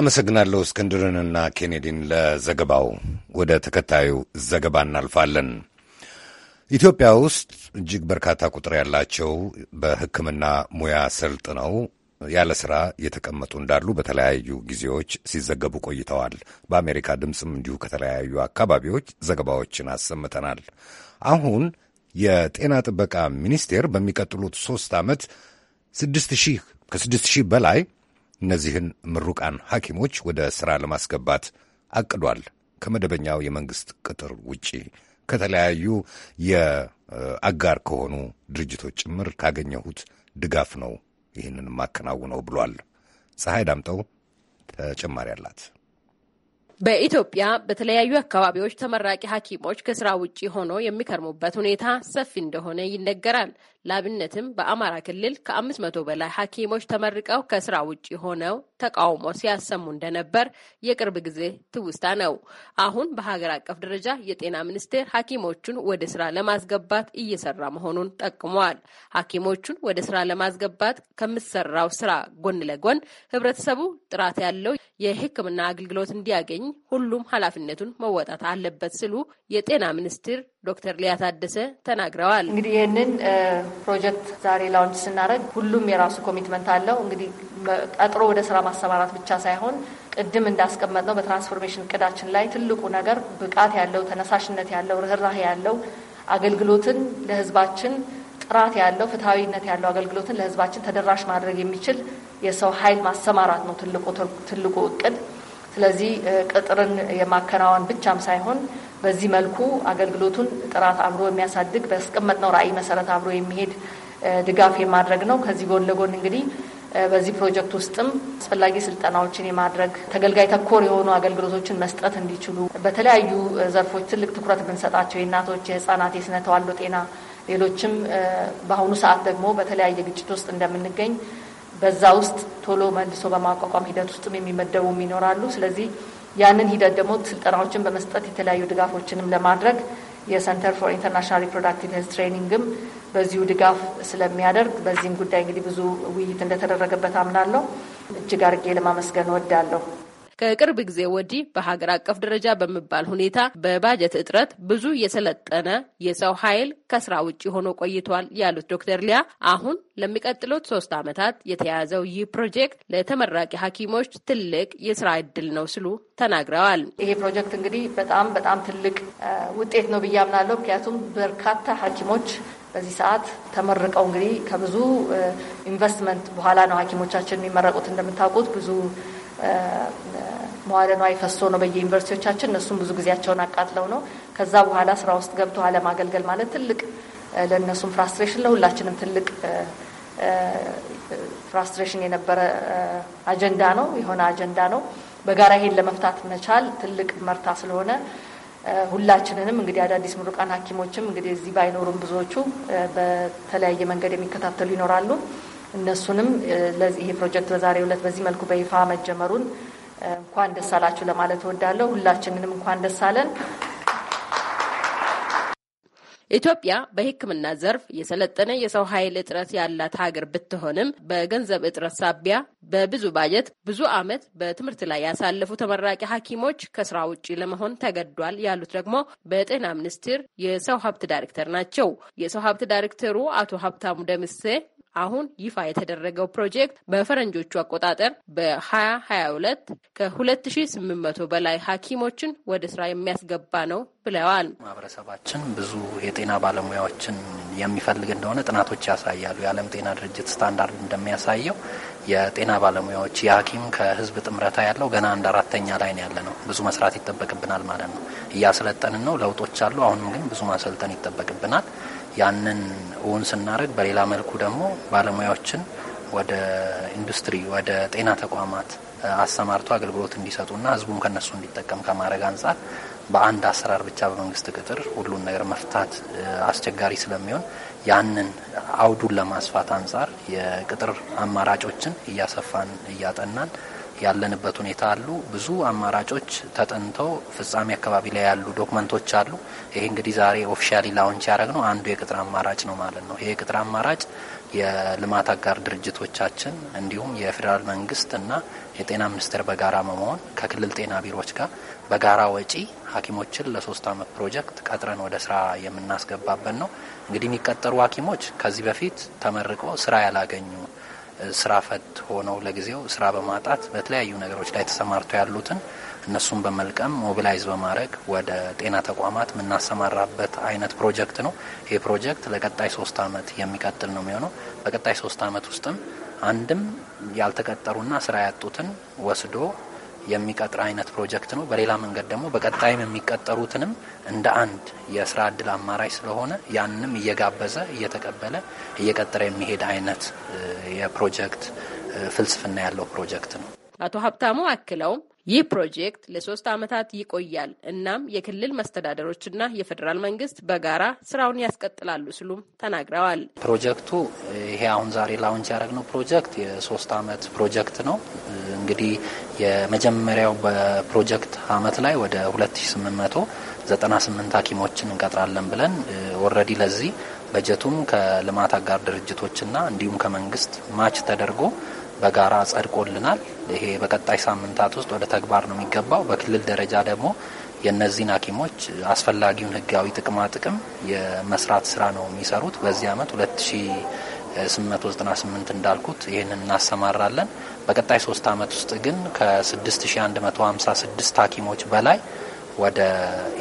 አመሰግናለሁ እስክንድርንና ኬኔዲን ለዘገባው። ወደ ተከታዩ ዘገባ እናልፋለን። ኢትዮጵያ ውስጥ እጅግ በርካታ ቁጥር ያላቸው በሕክምና ሙያ ሰልጥነው ያለ ስራ የተቀመጡ እንዳሉ በተለያዩ ጊዜዎች ሲዘገቡ ቆይተዋል። በአሜሪካ ድምፅም እንዲሁ ከተለያዩ አካባቢዎች ዘገባዎችን አሰምተናል። አሁን የጤና ጥበቃ ሚኒስቴር በሚቀጥሉት ሶስት ዓመት ስድስት ሺህ ከስድስት ሺህ በላይ እነዚህን ምሩቃን ሐኪሞች ወደ ሥራ ለማስገባት አቅዷል። ከመደበኛው የመንግሥት ቅጥር ውጪ ከተለያዩ የአጋር ከሆኑ ድርጅቶች ጭምር ካገኘሁት ድጋፍ ነው ይህንን ማከናውነው ብሏል። ፀሐይ ዳምጠው ተጨማሪ አላት። በኢትዮጵያ በተለያዩ አካባቢዎች ተመራቂ ሐኪሞች ከስራ ውጭ ሆኖ የሚከርሙበት ሁኔታ ሰፊ እንደሆነ ይነገራል። ለአብነትም በአማራ ክልል ከአምስት መቶ በላይ ሐኪሞች ተመርቀው ከስራ ውጭ ሆነው ተቃውሞ ሲያሰሙ እንደነበር የቅርብ ጊዜ ትውስታ ነው። አሁን በሀገር አቀፍ ደረጃ የጤና ሚኒስቴር ሐኪሞቹን ወደ ስራ ለማስገባት እየሰራ መሆኑን ጠቅመዋል። ሐኪሞቹን ወደ ስራ ለማስገባት ከምሰራው ስራ ጎን ለጎን ህብረተሰቡ ጥራት ያለው የሕክምና አገልግሎት እንዲያገኝ ሁሉም ኃላፊነቱን መወጣት አለበት ሲሉ የጤና ሚኒስቴር ዶክተር ሊያ ታደሰ ተናግረዋል። እንግዲህ ይህንን ፕሮጀክት ዛሬ ላውንች ስናደርግ ሁሉም የራሱ ኮሚትመንት አለው። እንግዲህ ቀጥሮ ወደ ስራ ማሰማራት ብቻ ሳይሆን ቅድም እንዳስቀመጥ ነው በትራንስፎርሜሽን እቅዳችን ላይ ትልቁ ነገር ብቃት ያለው ተነሳሽነት ያለው ርኅራህ ያለው አገልግሎትን ለህዝባችን ጥራት ያለው ፍትሐዊነት ያለው አገልግሎትን ለህዝባችን ተደራሽ ማድረግ የሚችል የሰው ኃይል ማሰማራት ነው ትልቁ እቅድ። ስለዚህ ቅጥርን የማከናወን ብቻም ሳይሆን በዚህ መልኩ አገልግሎቱን ጥራት አብሮ የሚያሳድግ በስቀመጥነው ራዕይ መሰረት አብሮ የሚሄድ ድጋፍ የማድረግ ነው። ከዚህ ጎን ለጎን እንግዲህ በዚህ ፕሮጀክት ውስጥም አስፈላጊ ስልጠናዎችን የማድረግ ተገልጋይ ተኮር የሆኑ አገልግሎቶችን መስጠት እንዲችሉ በተለያዩ ዘርፎች ትልቅ ትኩረት ብንሰጣቸው የእናቶች፣ የህጻናት፣ የስነ ተዋልዶ ጤና፣ ሌሎችም በአሁኑ ሰዓት ደግሞ በተለያየ ግጭት ውስጥ እንደምንገኝ በዛ ውስጥ ቶሎ መልሶ በማቋቋም ሂደት ውስጥም የሚመደቡም ይኖራሉ። ስለዚህ ያንን ሂደት ደግሞ ስልጠናዎችን በመስጠት የተለያዩ ድጋፎችንም ለማድረግ የሰንተር ፎር ኢንተርናሽናል ሪፕሮዳክቲቭ ሄልት ትሬኒንግም በዚሁ ድጋፍ ስለሚያደርግ በዚህም ጉዳይ እንግዲህ ብዙ ውይይት እንደተደረገበት አምናለሁ። እጅግ አድርጌ ለማመስገን እወዳለሁ። ከቅርብ ጊዜ ወዲህ በሀገር አቀፍ ደረጃ በሚባል ሁኔታ በባጀት እጥረት ብዙ የሰለጠነ የሰው ኃይል ከስራ ውጭ ሆኖ ቆይቷል ያሉት ዶክተር ሊያ አሁን ለሚቀጥሉት ሶስት ዓመታት የተያዘው ይህ ፕሮጀክት ለተመራቂ ሐኪሞች ትልቅ የስራ እድል ነው ሲሉ ተናግረዋል። ይሄ ፕሮጀክት እንግዲህ በጣም በጣም ትልቅ ውጤት ነው ብዬ አምናለሁ። ምክንያቱም በርካታ ሐኪሞች በዚህ ሰዓት ተመርቀው እንግዲህ ከብዙ ኢንቨስትመንት በኋላ ነው ሐኪሞቻችን የሚመረቁት እንደምታውቁት ብዙ መዋለ ንዋይ ፈሶ ነው በየዩኒቨርሲቲዎቻችን። እነሱም ብዙ ጊዜያቸውን አቃጥለው ነው ከዛ በኋላ ስራ ውስጥ ገብቶ አለማገልገል ማለት ትልቅ ለእነሱም ፍራስትሬሽን፣ ለሁላችንም ትልቅ ፍራስትሬሽን የነበረ አጀንዳ ነው የሆነ አጀንዳ ነው። በጋራ ይሄን ለመፍታት መቻል ትልቅ መርታ ስለሆነ ሁላችንንም እንግዲህ አዳዲስ ምሩቃን ሐኪሞችም እንግዲህ እዚህ ባይኖሩም ብዙዎቹ በተለያየ መንገድ የሚከታተሉ ይኖራሉ። እነሱንም ይሄ ፕሮጀክት በዛሬ ዕለት በዚህ መልኩ በይፋ መጀመሩን እንኳን ደስ አላችሁ ለማለት እወዳለሁ። ሁላችንንም እንኳን ደስ አለን። ኢትዮጵያ በሕክምና ዘርፍ የሰለጠነ የሰው ኃይል እጥረት ያላት ሀገር ብትሆንም በገንዘብ እጥረት ሳቢያ በብዙ ባጀት ብዙ ዓመት በትምህርት ላይ ያሳለፉ ተመራቂ ሐኪሞች ከስራ ውጪ ለመሆን ተገዷል ያሉት ደግሞ በጤና ሚኒስቴር የሰው ሀብት ዳይሬክተር ናቸው። የሰው ሀብት ዳይሬክተሩ አቶ ሀብታሙ ደምሴ አሁን ይፋ የተደረገው ፕሮጀክት በፈረንጆቹ አቆጣጠር በ2022 ከ2800 በላይ ሐኪሞችን ወደ ስራ የሚያስገባ ነው ብለዋል። ማህበረሰባችን ብዙ የጤና ባለሙያዎችን የሚፈልግ እንደሆነ ጥናቶች ያሳያሉ። የዓለም ጤና ድርጅት ስታንዳርድ እንደሚያሳየው የጤና ባለሙያዎች የሐኪም ከህዝብ ጥምረታ ያለው ገና አንድ አራተኛ ላይ ነው ያለ ነው። ብዙ መስራት ይጠበቅብናል ማለት ነው። እያሰለጠንን ነው፣ ለውጦች አሉ። አሁንም ግን ብዙ ማሰልጠን ይጠበቅብናል። ያንን እውን ስናደርግ በሌላ መልኩ ደግሞ ባለሙያዎችን ወደ ኢንዱስትሪ ወደ ጤና ተቋማት አሰማርቶ አገልግሎት እንዲሰጡና ህዝቡም ከነሱ እንዲጠቀም ከማድረግ አንጻር በአንድ አሰራር ብቻ በመንግስት ቅጥር ሁሉን ነገር መፍታት አስቸጋሪ ስለሚሆን ያንን አውዱን ለማስፋት አንጻር የቅጥር አማራጮችን እያሰፋን እያጠናን ያለንበት ሁኔታ አሉ። ብዙ አማራጮች ተጠንተው ፍጻሜ አካባቢ ላይ ያሉ ዶክመንቶች አሉ። ይሄ እንግዲህ ዛሬ ኦፊሻሊ ላውንች ያደረግነው አንዱ የቅጥር አማራጭ ነው ማለት ነው። ይሄ የቅጥር አማራጭ የልማት አጋር ድርጅቶቻችን እንዲሁም የፌዴራል መንግስት እና የጤና ሚኒስቴር በጋራ በመሆን ከክልል ጤና ቢሮዎች ጋር በጋራ ወጪ ሐኪሞችን ለሶስት አመት ፕሮጀክት ቀጥረን ወደ ስራ የምናስገባበት ነው። እንግዲህ የሚቀጠሩ ሐኪሞች ከዚህ በፊት ተመርቆ ስራ ያላገኙ ስራ ፈት ሆነው ለጊዜው ስራ በማጣት በተለያዩ ነገሮች ላይ ተሰማርተው ያሉትን እነሱን በመልቀም ሞቢላይዝ በማድረግ ወደ ጤና ተቋማት የምናሰማራበት አይነት ፕሮጀክት ነው። ይህ ፕሮጀክት ለቀጣይ ሶስት አመት የሚቀጥል ነው የሚሆነው። በቀጣይ ሶስት አመት ውስጥም አንድም ያልተቀጠሩና ስራ ያጡትን ወስዶ የሚቀጥር አይነት ፕሮጀክት ነው። በሌላ መንገድ ደግሞ በቀጣይም የሚቀጠሩትንም እንደ አንድ የስራ እድል አማራጭ ስለሆነ ያንንም እየጋበዘ እየተቀበለ እየቀጠረ የሚሄድ አይነት የፕሮጀክት ፍልስፍና ያለው ፕሮጀክት ነው። አቶ ሀብታሙ አክለውም ይህ ፕሮጀክት ለሶስት ዓመታት ይቆያል። እናም የክልል መስተዳደሮችና የፌዴራል መንግስት በጋራ ስራውን ያስቀጥላሉ ሲሉም ተናግረዋል። ፕሮጀክቱ ይሄ አሁን ዛሬ ላውንች ያደረግነው ፕሮጀክት የሶስት ዓመት ፕሮጀክት ነው። እንግዲህ የመጀመሪያው በፕሮጀክት አመት ላይ ወደ 2898 ሐኪሞችን እንቀጥራለን ብለን ኦልሬዲ ለዚህ በጀቱም ከልማት አጋር ድርጅቶችና እንዲሁም ከመንግስት ማች ተደርጎ በጋራ ጸድቆልናል። ይሄ በቀጣይ ሳምንታት ውስጥ ወደ ተግባር ነው የሚገባው። በክልል ደረጃ ደግሞ የእነዚህን ሐኪሞች አስፈላጊውን ህጋዊ ጥቅማ ጥቅም የመስራት ስራ ነው የሚሰሩት። በዚህ አመት 2898 እንዳልኩት ይህንን እናሰማራለን። በቀጣይ ሶስት አመት ውስጥ ግን ከ6156 ሐኪሞች በላይ ወደ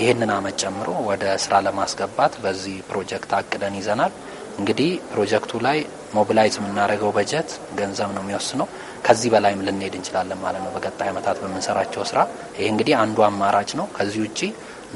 ይህንን አመት ጨምሮ ወደ ስራ ለማስገባት በዚህ ፕሮጀክት አቅደን ይዘናል። እንግዲህ ፕሮጀክቱ ላይ ሞቢላይዝ የምናደርገው በጀት ገንዘብ ነው የሚወስነው። ከዚህ በላይም ልንሄድ እንችላለን ማለት ነው በቀጣይ አመታት በምንሰራቸው ስራ። ይሄ እንግዲህ አንዱ አማራጭ ነው። ከዚህ ውጭ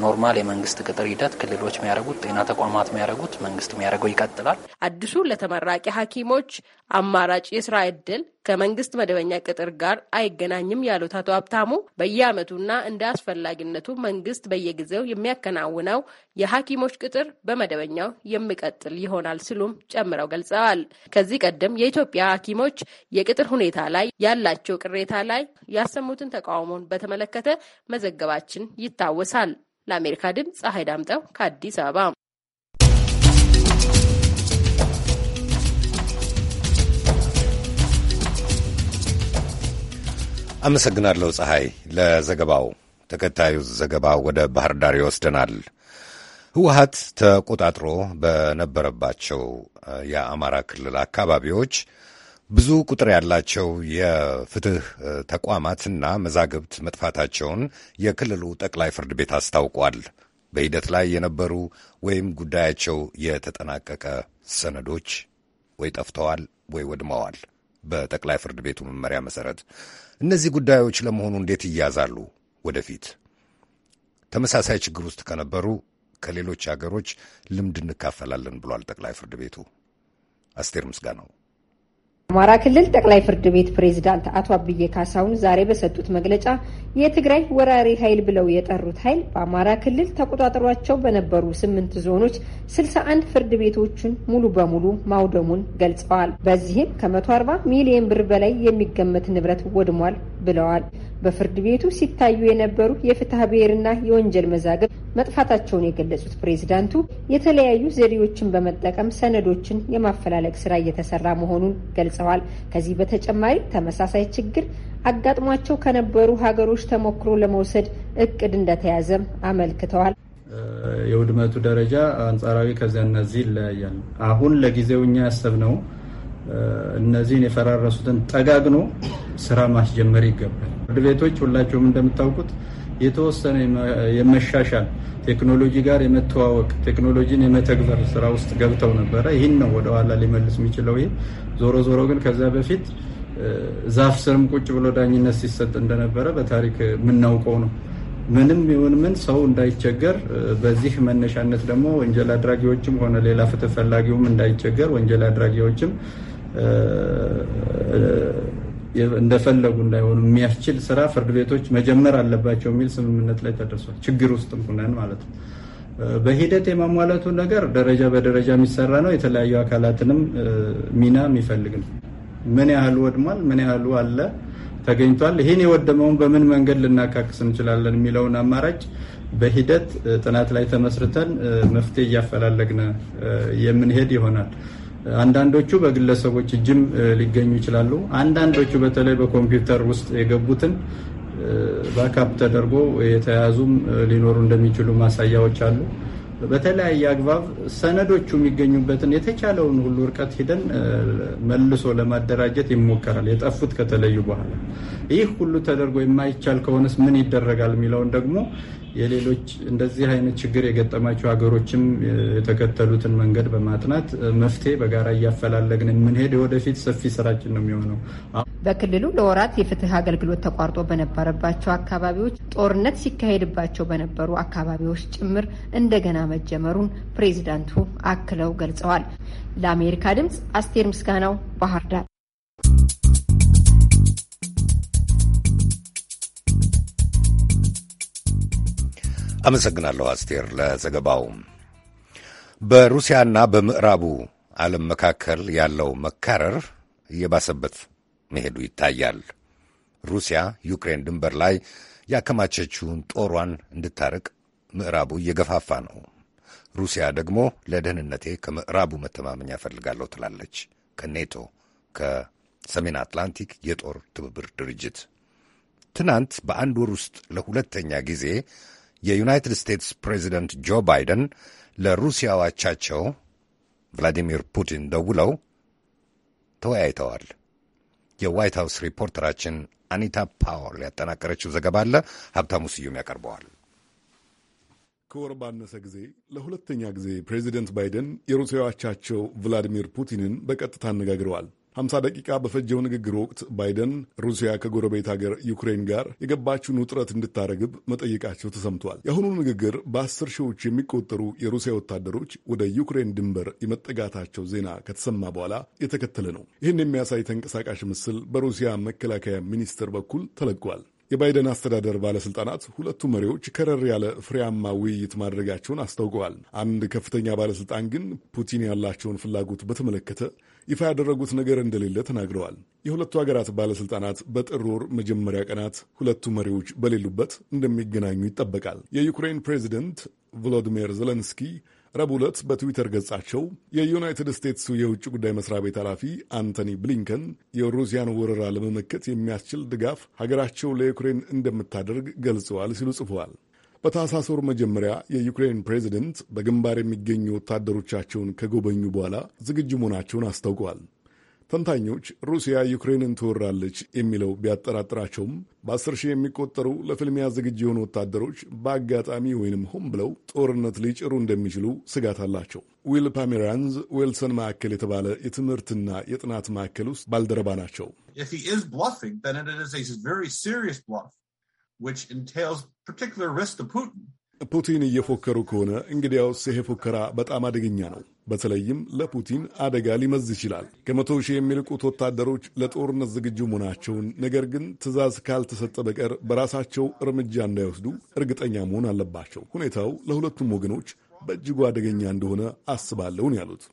ኖርማል የመንግስት ቅጥር ሂደት ክልሎች የሚያደርጉት ጤና ተቋማት የሚያደርጉት መንግስት የሚያደርገው ይቀጥላል። አዲሱ ለተመራቂ ሐኪሞች አማራጭ የስራ እድል ከመንግስት መደበኛ ቅጥር ጋር አይገናኝም ያሉት አቶ ሀብታሙ በየአመቱና እንደ አስፈላጊነቱ መንግስት በየጊዜው የሚያከናውነው የሐኪሞች ቅጥር በመደበኛው የሚቀጥል ይሆናል ሲሉም ጨምረው ገልጸዋል። ከዚህ ቀደም የኢትዮጵያ ሐኪሞች የቅጥር ሁኔታ ላይ ያላቸው ቅሬታ ላይ ያሰሙትን ተቃውሞን በተመለከተ መዘገባችን ይታወሳል። ለአሜሪካ ድምፅ ፀሐይ ዳምጠው ከአዲስ አበባ። አመሰግናለሁ ፀሐይ ለዘገባው። ተከታዩ ዘገባ ወደ ባህር ዳር ይወስደናል። ህወሀት ተቆጣጥሮ በነበረባቸው የአማራ ክልል አካባቢዎች ብዙ ቁጥር ያላቸው የፍትህ ተቋማትና መዛግብት መጥፋታቸውን የክልሉ ጠቅላይ ፍርድ ቤት አስታውቋል። በሂደት ላይ የነበሩ ወይም ጉዳያቸው የተጠናቀቀ ሰነዶች ወይ ጠፍተዋል ወይ ወድመዋል። በጠቅላይ ፍርድ ቤቱ መመሪያ መሰረት እነዚህ ጉዳዮች ለመሆኑ እንዴት ይያዛሉ? ወደፊት ተመሳሳይ ችግር ውስጥ ከነበሩ ከሌሎች አገሮች ልምድ እንካፈላለን ብሏል ጠቅላይ ፍርድ ቤቱ። አስቴር ምስጋናው አማራ ክልል ጠቅላይ ፍርድ ቤት ፕሬዝዳንት አቶ አብዬ ካሳሁን ዛሬ በሰጡት መግለጫ የትግራይ ወራሪ ኃይል ብለው የጠሩት ኃይል በአማራ ክልል ተቆጣጥሯቸው በነበሩ ስምንት ዞኖች ስልሳ አንድ ፍርድ ቤቶችን ሙሉ በሙሉ ማውደሙን ገልጸዋል። በዚህም ከመቶ አርባ ሚሊዮን ብር በላይ የሚገመት ንብረት ወድሟል ብለዋል። በፍርድ ቤቱ ሲታዩ የነበሩ የፍትሐ ብሔርና የወንጀል መዛግብ መጥፋታቸውን የገለጹት ፕሬዚዳንቱ የተለያዩ ዘዴዎችን በመጠቀም ሰነዶችን የማፈላለግ ስራ እየተሰራ መሆኑን ገልጸዋል። ከዚህ በተጨማሪ ተመሳሳይ ችግር አጋጥሟቸው ከነበሩ ሀገሮች ተሞክሮ ለመውሰድ እቅድ እንደተያዘም አመልክተዋል። የውድመቱ ደረጃ አንጻራዊ ከዚያ እነዚህ ይለያያል። አሁን ለጊዜው እኛ ያሰብነው እነዚህን የፈራረሱትን ጠጋግኖ ስራ ማስጀመር ይገባል። ፍርድ ቤቶች ሁላቸውም እንደምታውቁት የተወሰነ የመሻሻል ቴክኖሎጂ ጋር የመተዋወቅ ቴክኖሎጂን የመተግበር ስራ ውስጥ ገብተው ነበረ። ይህን ነው ወደኋላ ሊመልስ የሚችለው ይሄ። ዞሮ ዞሮ ግን ከዛ በፊት ዛፍ ስርም ቁጭ ብሎ ዳኝነት ሲሰጥ እንደነበረ በታሪክ የምናውቀው ነው። ምንም ይሁን ምን ሰው እንዳይቸገር በዚህ መነሻነት ደግሞ ወንጀል አድራጊዎችም ሆነ ሌላ ፍትህ ፈላጊውም እንዳይቸገር ወንጀል አድራጊዎችም እንደፈለጉ እንዳይሆኑ የሚያስችል ስራ ፍርድ ቤቶች መጀመር አለባቸው የሚል ስምምነት ላይ ተደርሷል። ችግር ውስጥም ሁነን ማለት ነው። በሂደት የማሟላቱ ነገር ደረጃ በደረጃ የሚሰራ ነው። የተለያዩ አካላትንም ሚና የሚፈልግ ነው። ምን ያህሉ ወድሟል? ምን ያህሉ አለ ተገኝቷል? ይህን የወደመውን በምን መንገድ ልናካክስ እንችላለን የሚለውን አማራጭ በሂደት ጥናት ላይ ተመስርተን መፍትሄ እያፈላለግን የምንሄድ ይሆናል። አንዳንዶቹ በግለሰቦች እጅም ሊገኙ ይችላሉ። አንዳንዶቹ በተለይ በኮምፒውተር ውስጥ የገቡትን ባካፕ ተደርጎ የተያዙም ሊኖሩ እንደሚችሉ ማሳያዎች አሉ። በተለያየ አግባብ ሰነዶቹ የሚገኙበትን የተቻለውን ሁሉ እርቀት ሂደን መልሶ ለማደራጀት ይሞከራል። የጠፉት ከተለዩ በኋላ ይህ ሁሉ ተደርጎ የማይቻል ከሆነስ ምን ይደረጋል የሚለውን ደግሞ የሌሎች እንደዚህ አይነት ችግር የገጠማቸው ሀገሮችም የተከተሉትን መንገድ በማጥናት መፍትሄ በጋራ እያፈላለግን የምንሄድ ወደፊት ሰፊ ስራችን ነው የሚሆነው። በክልሉ ለወራት የፍትህ አገልግሎት ተቋርጦ በነበረባቸው አካባቢዎች፣ ጦርነት ሲካሄድባቸው በነበሩ አካባቢዎች ጭምር እንደገና መጀመሩን ፕሬዚዳንቱ አክለው ገልጸዋል። ለአሜሪካ ድምፅ አስቴር ምስጋናው ባህር ዳር አመሰግናለሁ አስቴር ለዘገባው። በሩሲያና በምዕራቡ ዓለም መካከል ያለው መካረር እየባሰበት መሄዱ ይታያል። ሩሲያ ዩክሬን ድንበር ላይ ያከማቸችውን ጦሯን እንድታርቅ ምዕራቡ እየገፋፋ ነው። ሩሲያ ደግሞ ለደህንነቴ ከምዕራቡ መተማመኛ እፈልጋለሁ ትላለች። ከኔቶ ከሰሜን አትላንቲክ የጦር ትብብር ድርጅት ትናንት በአንድ ወር ውስጥ ለሁለተኛ ጊዜ የዩናይትድ ስቴትስ ፕሬዚደንት ጆ ባይደን ለሩሲያ አቻቸው ቭላዲሚር ፑቲን ደውለው ተወያይተዋል። የዋይት ሃውስ ሪፖርተራችን አኒታ ፓወል ያጠናቀረችው ዘገባ አለ። ሀብታሙ ስዩም ያቀርበዋል። ከወር ባነሰ ጊዜ ለሁለተኛ ጊዜ ፕሬዚደንት ባይደን የሩሲያው አቻቸው ቭላዲሚር ፑቲንን በቀጥታ አነጋግረዋል። ሀምሳ ደቂቃ በፈጀው ንግግር ወቅት ባይደን ሩሲያ ከጎረቤት ሀገር ዩክሬን ጋር የገባችውን ውጥረት እንድታረግብ መጠየቃቸው ተሰምቷል። የአሁኑ ንግግር በአስር ሺዎች የሚቆጠሩ የሩሲያ ወታደሮች ወደ ዩክሬን ድንበር የመጠጋታቸው ዜና ከተሰማ በኋላ የተከተለ ነው። ይህን የሚያሳይ ተንቀሳቃሽ ምስል በሩሲያ መከላከያ ሚኒስቴር በኩል ተለቋል። የባይደን አስተዳደር ባለስልጣናት ሁለቱ መሪዎች ከረር ያለ ፍሬያማ ውይይት ማድረጋቸውን አስታውቀዋል። አንድ ከፍተኛ ባለስልጣን ግን ፑቲን ያላቸውን ፍላጎት በተመለከተ ይፋ ያደረጉት ነገር እንደሌለ ተናግረዋል። የሁለቱ ሀገራት ባለስልጣናት በጥር ወር መጀመሪያ ቀናት ሁለቱ መሪዎች በሌሉበት እንደሚገናኙ ይጠበቃል። የዩክሬን ፕሬዚደንት ቮሎዲሚር ዘለንስኪ ረቡዕ ዕለት በትዊተር ገጻቸው የዩናይትድ ስቴትሱ የውጭ ጉዳይ መስሪያ ቤት ኃላፊ አንቶኒ ብሊንከን የሩሲያን ወረራ ለመመከት የሚያስችል ድጋፍ ሀገራቸው ለዩክሬን እንደምታደርግ ገልጸዋል ሲሉ ጽፈዋል። በታህሳስ ወር መጀመሪያ የዩክሬን ፕሬዚደንት በግንባር የሚገኙ ወታደሮቻቸውን ከጎበኙ በኋላ ዝግጁ መሆናቸውን አስታውቀዋል። ተንታኞች ሩሲያ ዩክሬንን ትወራለች የሚለው ቢያጠራጥራቸውም በአስር ሺህ የሚቆጠሩ ለፍልሚያ ዝግጅ የሆኑ ወታደሮች በአጋጣሚ ወይንም ሆን ብለው ጦርነት ሊጭሩ እንደሚችሉ ስጋት አላቸው። ዊል ፓሜራንዝ ዌልሰን ማዕከል የተባለ የትምህርትና የጥናት ማዕከል ውስጥ ባልደረባ ናቸው። ፑቲን እየፎከሩ ከሆነ እንግዲያውስ ይሄ ፉከራ በጣም አደገኛ ነው። በተለይም ለፑቲን አደጋ ሊመዝ ይችላል። ከመቶ ሺህ የሚልቁት ወታደሮች ለጦርነት ዝግጁ መሆናቸውን፣ ነገር ግን ትዕዛዝ ካልተሰጠ በቀር በራሳቸው እርምጃ እንዳይወስዱ እርግጠኛ መሆን አለባቸው። ሁኔታው ለሁለቱም ወገኖች በእጅጉ አደገኛ እንደሆነ አስባለሁን ያሉት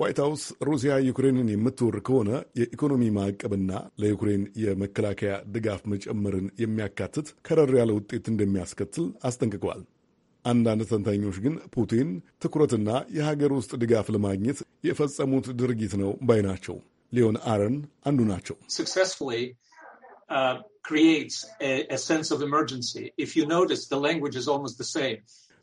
ዋይት ሀውስ ሩሲያ ዩክሬንን የምትወር ከሆነ የኢኮኖሚ ማዕቀብና ለዩክሬን የመከላከያ ድጋፍ መጨመርን የሚያካትት ከረር ያለ ውጤት እንደሚያስከትል አስጠንቅቋል። አንዳንድ ተንታኞች ግን ፑቲን ትኩረትና የሀገር ውስጥ ድጋፍ ለማግኘት የፈጸሙት ድርጊት ነው ባይ ናቸው። ሊዮን አረን አንዱ ናቸው። uh,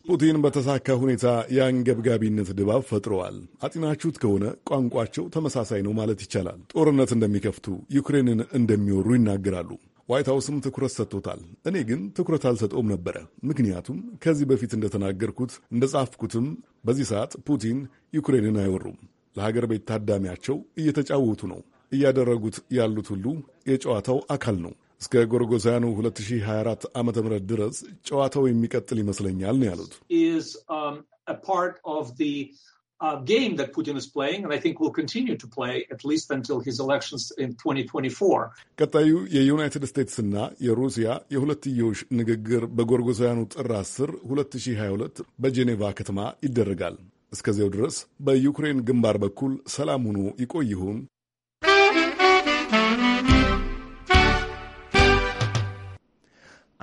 ፑቲን በተሳካ ሁኔታ የአንገብጋቢነት ድባብ ፈጥረዋል። አጢናችሁት ከሆነ ቋንቋቸው ተመሳሳይ ነው ማለት ይቻላል። ጦርነት እንደሚከፍቱ፣ ዩክሬንን እንደሚወሩ ይናገራሉ። ዋይት ሀውስም ትኩረት ሰጥቶታል። እኔ ግን ትኩረት አልሰጠውም ነበረ። ምክንያቱም ከዚህ በፊት እንደተናገርኩት እንደጻፍኩትም በዚህ ሰዓት ፑቲን ዩክሬንን አይወሩም። ለሀገር ቤት ታዳሚያቸው እየተጫወቱ ነው። እያደረጉት ያሉት ሁሉ የጨዋታው አካል ነው። እስከ ጎርጎሳያኑ 2024 ዓ ም ድረስ ጨዋታው የሚቀጥል ይመስለኛል ነው ያሉት። uh, game that Putin is playing, and I think will continue to play at least until his elections in 2024. ቀጣዩ የዩናይትድ ስቴትስና የሩሲያ የሁለትዮሽ ንግግር በጎርጎሳውያኑ ጥር 10 2022 በጄኔቫ ከተማ ይደረጋል። እስከዚያው ድረስ በዩክሬን ግንባር በኩል ሰላም ሆኖ ይቆይ ይሆን?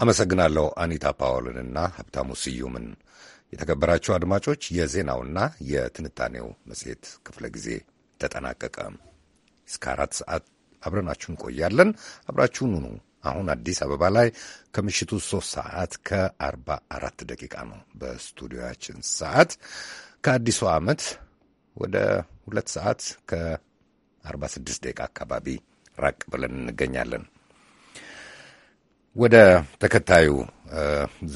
አመሰግናለሁ አኒታ ፓውልንና ሀብታሙ ስዩምን። የተከበራችሁ አድማጮች የዜናውና የትንታኔው መጽሔት ክፍለ ጊዜ ተጠናቀቀ። እስከ አራት ሰዓት አብረናችሁን ቆያለን። አብራችሁን ኑ። አሁን አዲስ አበባ ላይ ከምሽቱ ሶስት ሰዓት ከአርባ አራት ደቂቃ ነው። በስቱዲዮያችን ሰዓት ከአዲሱ ዓመት ወደ ሁለት ሰዓት ከአርባ ስድስት ደቂቃ አካባቢ ራቅ ብለን እንገኛለን። ወደ ተከታዩ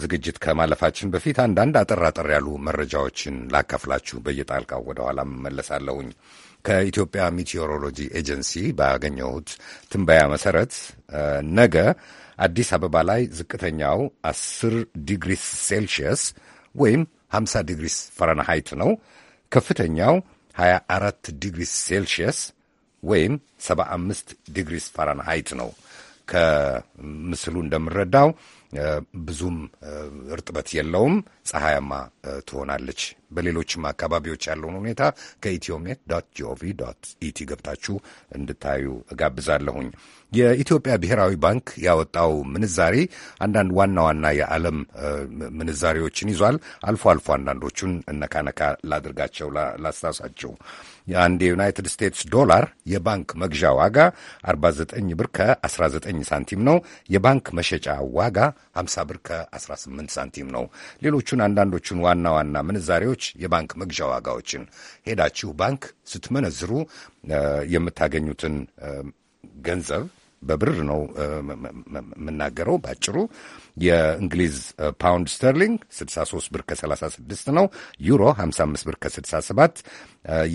ዝግጅት ከማለፋችን በፊት አንዳንድ አጠር አጠር ያሉ መረጃዎችን ላካፍላችሁ። በየጣልቃው ወደ ኋላ መለሳለሁኝ። ከኢትዮጵያ ሚቴዎሮሎጂ ኤጀንሲ ባገኘሁት ትንበያ መሰረት ነገ አዲስ አበባ ላይ ዝቅተኛው 10 ዲግሪ ሴልሺየስ ወይም 50 ዲግሪ ፈረንሃይት ነው። ከፍተኛው 24 ዲግሪ ሴልሺየስ ወይም 75 ዲግሪ ፈረንሃይት ነው። ከምስሉ እንደምረዳው ብዙም እርጥበት የለውም፣ ፀሐያማ ትሆናለች በሌሎችም አካባቢዎች ያለውን ሁኔታ ከኢትዮሜት ጂኦቪ ኢቲ ገብታችሁ እንድታዩ እጋብዛለሁኝ። የኢትዮጵያ ብሔራዊ ባንክ ያወጣው ምንዛሬ አንዳንድ ዋና ዋና የዓለም ምንዛሬዎችን ይዟል። አልፎ አልፎ አንዳንዶቹን እነካነካ ላድርጋቸው፣ ላስታሳቸው። አንድ የዩናይትድ ስቴትስ ዶላር የባንክ መግዣ ዋጋ 49 ብር ከ19 ሳንቲም ነው። የባንክ መሸጫ ዋጋ 50 ብር ከ18 ሳንቲም ነው። ሌሎቹን አንዳንዶቹን ዋና ዋና ምንዛሬዎች ሌሎች የባንክ መግዣ ዋጋዎችን ሄዳችሁ ባንክ ስትመነዝሩ የምታገኙትን ገንዘብ በብር ነው የምናገረው ባጭሩ የእንግሊዝ ፓውንድ ስተርሊንግ 63 ብር ከ36 ነው። ዩሮ 55 ብር ከ67፣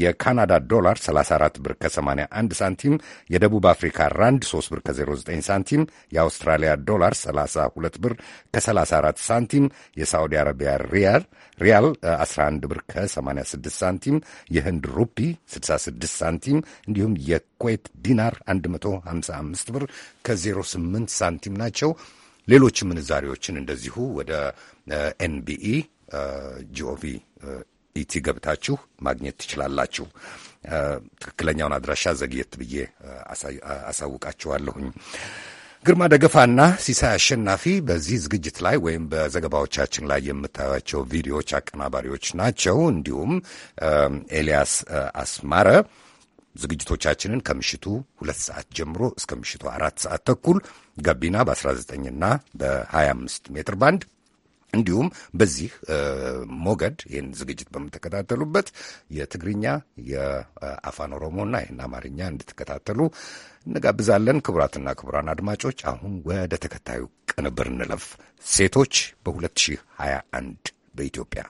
የካናዳ ዶላር 34 ብር ከ81 ሳንቲም፣ የደቡብ አፍሪካ ራንድ 3 ብር ከ09 ሳንቲም፣ የአውስትራሊያ ዶላር 32 ብር ከ34 ሳንቲም፣ የሳዑዲ አረቢያ ሪያል ሪያል 11 ብር ከ86 ሳንቲም፣ የህንድ ሩፒ 66 ሳንቲም እንዲሁም የኩዌት ዲናር 155 ብር ከ08 ሳንቲም ናቸው። ሌሎች ምንዛሬዎችን እንደዚሁ ወደ ኤንቢኢ ጂኦቪ ኢቲ ገብታችሁ ማግኘት ትችላላችሁ። ትክክለኛውን አድራሻ ዘግየት ብዬ አሳውቃችኋለሁኝ። ግርማ ደገፋና ሲሳይ አሸናፊ በዚህ ዝግጅት ላይ ወይም በዘገባዎቻችን ላይ የምታዩቸው ቪዲዮዎች አቀናባሪዎች ናቸው። እንዲሁም ኤልያስ አስማረ ዝግጅቶቻችንን ከምሽቱ ሁለት ሰዓት ጀምሮ እስከ ምሽቱ አራት ሰዓት ተኩል ጋቢና በ19ና በ25 ሜትር ባንድ እንዲሁም በዚህ ሞገድ ይህን ዝግጅት በምትከታተሉበት የትግርኛ የአፋን ኦሮሞና ይህን አማርኛ እንድትከታተሉ እንጋብዛለን። ክቡራትና ክቡራን አድማጮች አሁን ወደ ተከታዩ ቅንብር እንለፍ። ሴቶች በ2021 በኢትዮጵያ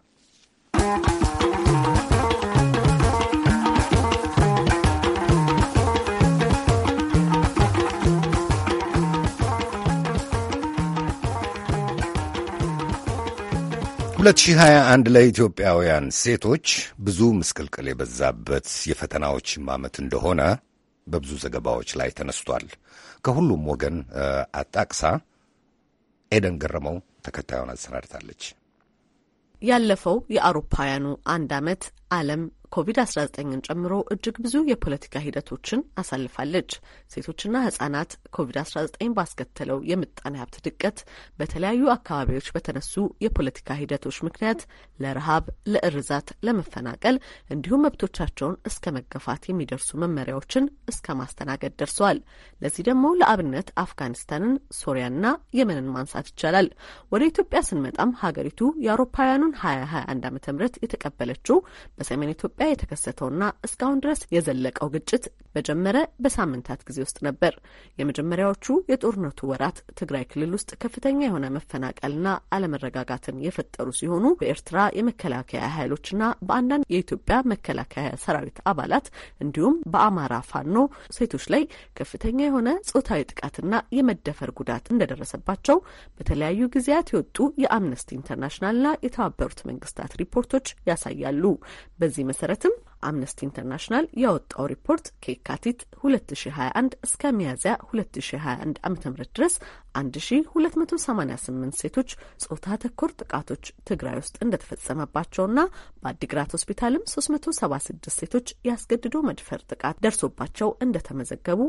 2021 ለኢትዮጵያውያን ሴቶች ብዙ ምስቅልቅል የበዛበት የፈተናዎችም ዓመት እንደሆነ በብዙ ዘገባዎች ላይ ተነስቷል። ከሁሉም ወገን አጣቅሳ ኤደን ገረመው ተከታዩን አሰናድታለች። ያለፈው የአውሮፓውያኑ አንድ ዓመት ዓለም ኮቪድ-19ን ጨምሮ እጅግ ብዙ የፖለቲካ ሂደቶችን አሳልፋለች። ሴቶችና ህጻናት ኮቪድ-19 ባስከተለው የምጣኔ ሀብት ድቀት በተለያዩ አካባቢዎች በተነሱ የፖለቲካ ሂደቶች ምክንያት ለረሃብ፣ ለእርዛት፣ ለመፈናቀል እንዲሁም መብቶቻቸውን እስከ መገፋት የሚደርሱ መመሪያዎችን እስከ ማስተናገድ ደርሰዋል። ለዚህ ደግሞ ለአብነት አፍጋኒስታንን፣ ሶሪያና የመንን ማንሳት ይቻላል። ወደ ኢትዮጵያ ስንመጣም ሀገሪቱ የአውሮፓውያኑን 2021 ዓ ም የተቀበለችው በሰሜን ኢትዮጵያ በኢትዮጵያ የተከሰተውና እስካሁን ድረስ የዘለቀው ግጭት በጀመረ በሳምንታት ጊዜ ውስጥ ነበር። የመጀመሪያዎቹ የጦርነቱ ወራት ትግራይ ክልል ውስጥ ከፍተኛ የሆነ መፈናቀልና አለመረጋጋትን የፈጠሩ ሲሆኑ በኤርትራ የመከላከያ ኃይሎችና በአንዳንድ የኢትዮጵያ መከላከያ ሰራዊት አባላት እንዲሁም በአማራ ፋኖ ሴቶች ላይ ከፍተኛ የሆነ ጾታዊ ጥቃትና የመደፈር ጉዳት እንደደረሰባቸው በተለያዩ ጊዜያት የወጡ የአምነስቲ ኢንተርናሽናልና የተባበሩት መንግስታት ሪፖርቶች ያሳያሉ። በዚህ መሰረት መሰረትም አምነስቲ ኢንተርናሽናል ያወጣው ሪፖርት ከየካቲት 2021 እስከ ሚያዝያ 2021 ዓ ም ድረስ 1288 ሴቶች ጾታ ተኮር ጥቃቶች ትግራይ ውስጥ እንደተፈጸመባቸውና በአዲግራት ሆስፒታልም 376 ሴቶች ያስገድዶ መድፈር ጥቃት ደርሶባቸው እንደተመዘገቡ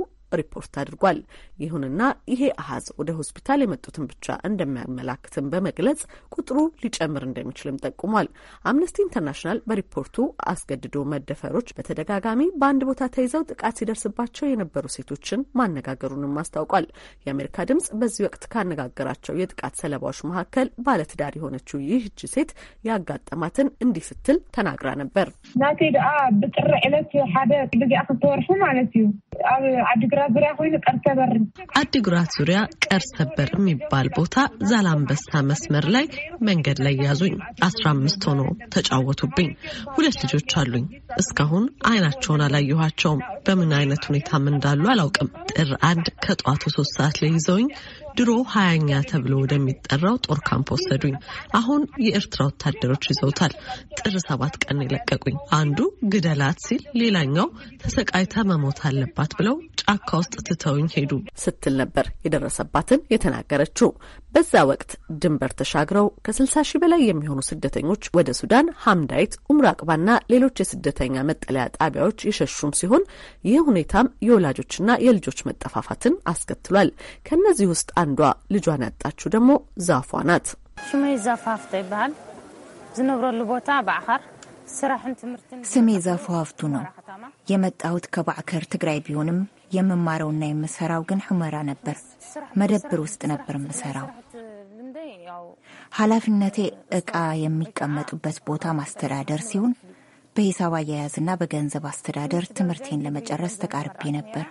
ሪፖርት አድርጓል። ይሁንና ይሄ አሀዝ ወደ ሆስፒታል የመጡትን ብቻ እንደሚያመላክትን በመግለጽ ቁጥሩ ሊጨምር እንደሚችልም ጠቁሟል። አምነስቲ ኢንተርናሽናል በሪፖርቱ አስገድዶ መደፈሮች በተደጋጋሚ በአንድ ቦታ ተይዘው ጥቃት ሲደርስባቸው የነበሩ ሴቶችን ማነጋገሩንም አስታውቋል። የአሜሪካ ድምጽ በዚህ ወቅት ካነጋገራቸው የጥቃት ሰለባዎች መካከል ባለትዳር የሆነችው ይህች ሴት ያጋጠማትን እንዲህ ስትል ተናግራ ነበር። ናተይ ደኣ ብጥሪ ዕለት ሓደ ግዜ ማለት እዩ ኣብ ዓዲግራ አዲግራት ዙሪያ ቀርሰበር የሚባል ቦታ ዛላንበሳ መስመር ላይ መንገድ ላይ ያዙኝ። አስራ አምስት ሆኖ ተጫወቱብኝ። ሁለት ልጆች አሉኝ። እስካሁን አይናቸውን አላየኋቸውም። በምን አይነት ሁኔታም እንዳሉ አላውቅም። ጥር አንድ ከጠዋቱ ሶስት ሰዓት ላይ ይዘውኝ ድሮ ሀያኛ ተብሎ ወደሚጠራው ጦር ካምፕ ወሰዱኝ። አሁን የኤርትራ ወታደሮች ይዘውታል። ጥር ሰባት ቀን የለቀቁኝ። አንዱ ግደላት ሲል፣ ሌላኛው ተሰቃይታ መሞት አለባት ብለው ጫካ ውስጥ ትተውኝ ሄዱ ስትል ነበር የደረሰባትን የተናገረችው። በዛ ወቅት ድንበር ተሻግረው ከ60 ሺህ በላይ የሚሆኑ ስደተኞች ወደ ሱዳን ሐምዳይት፣ ኡምራቅባና ሌሎች የስደተኛ መጠለያ ጣቢያዎች የሸሹም ሲሆን ይህ ሁኔታም የወላጆችና የልጆች መጠፋፋትን አስከትሏል። ከእነዚህ ውስጥ አንዷ ልጇን ያጣችው ደግሞ ዛፏ ናት። ሽመይ ዛፋፍቶ ይባሃል ዝነብረሉ ቦታ በዓኸር ስሜ ዛፉ ሀፍቱ ነው። የመጣሁት ከባዕከር ትግራይ ቢሆንም የምማረውና የምሰራው ግን ሑመራ ነበር። መደብር ውስጥ ነበር የምሰራው። ኃላፊነቴ እቃ የሚቀመጡበት ቦታ ማስተዳደር ሲሆን በሂሳብ አያያዝና በገንዘብ አስተዳደር ትምህርቴን ለመጨረስ ተቃርቤ ነበር።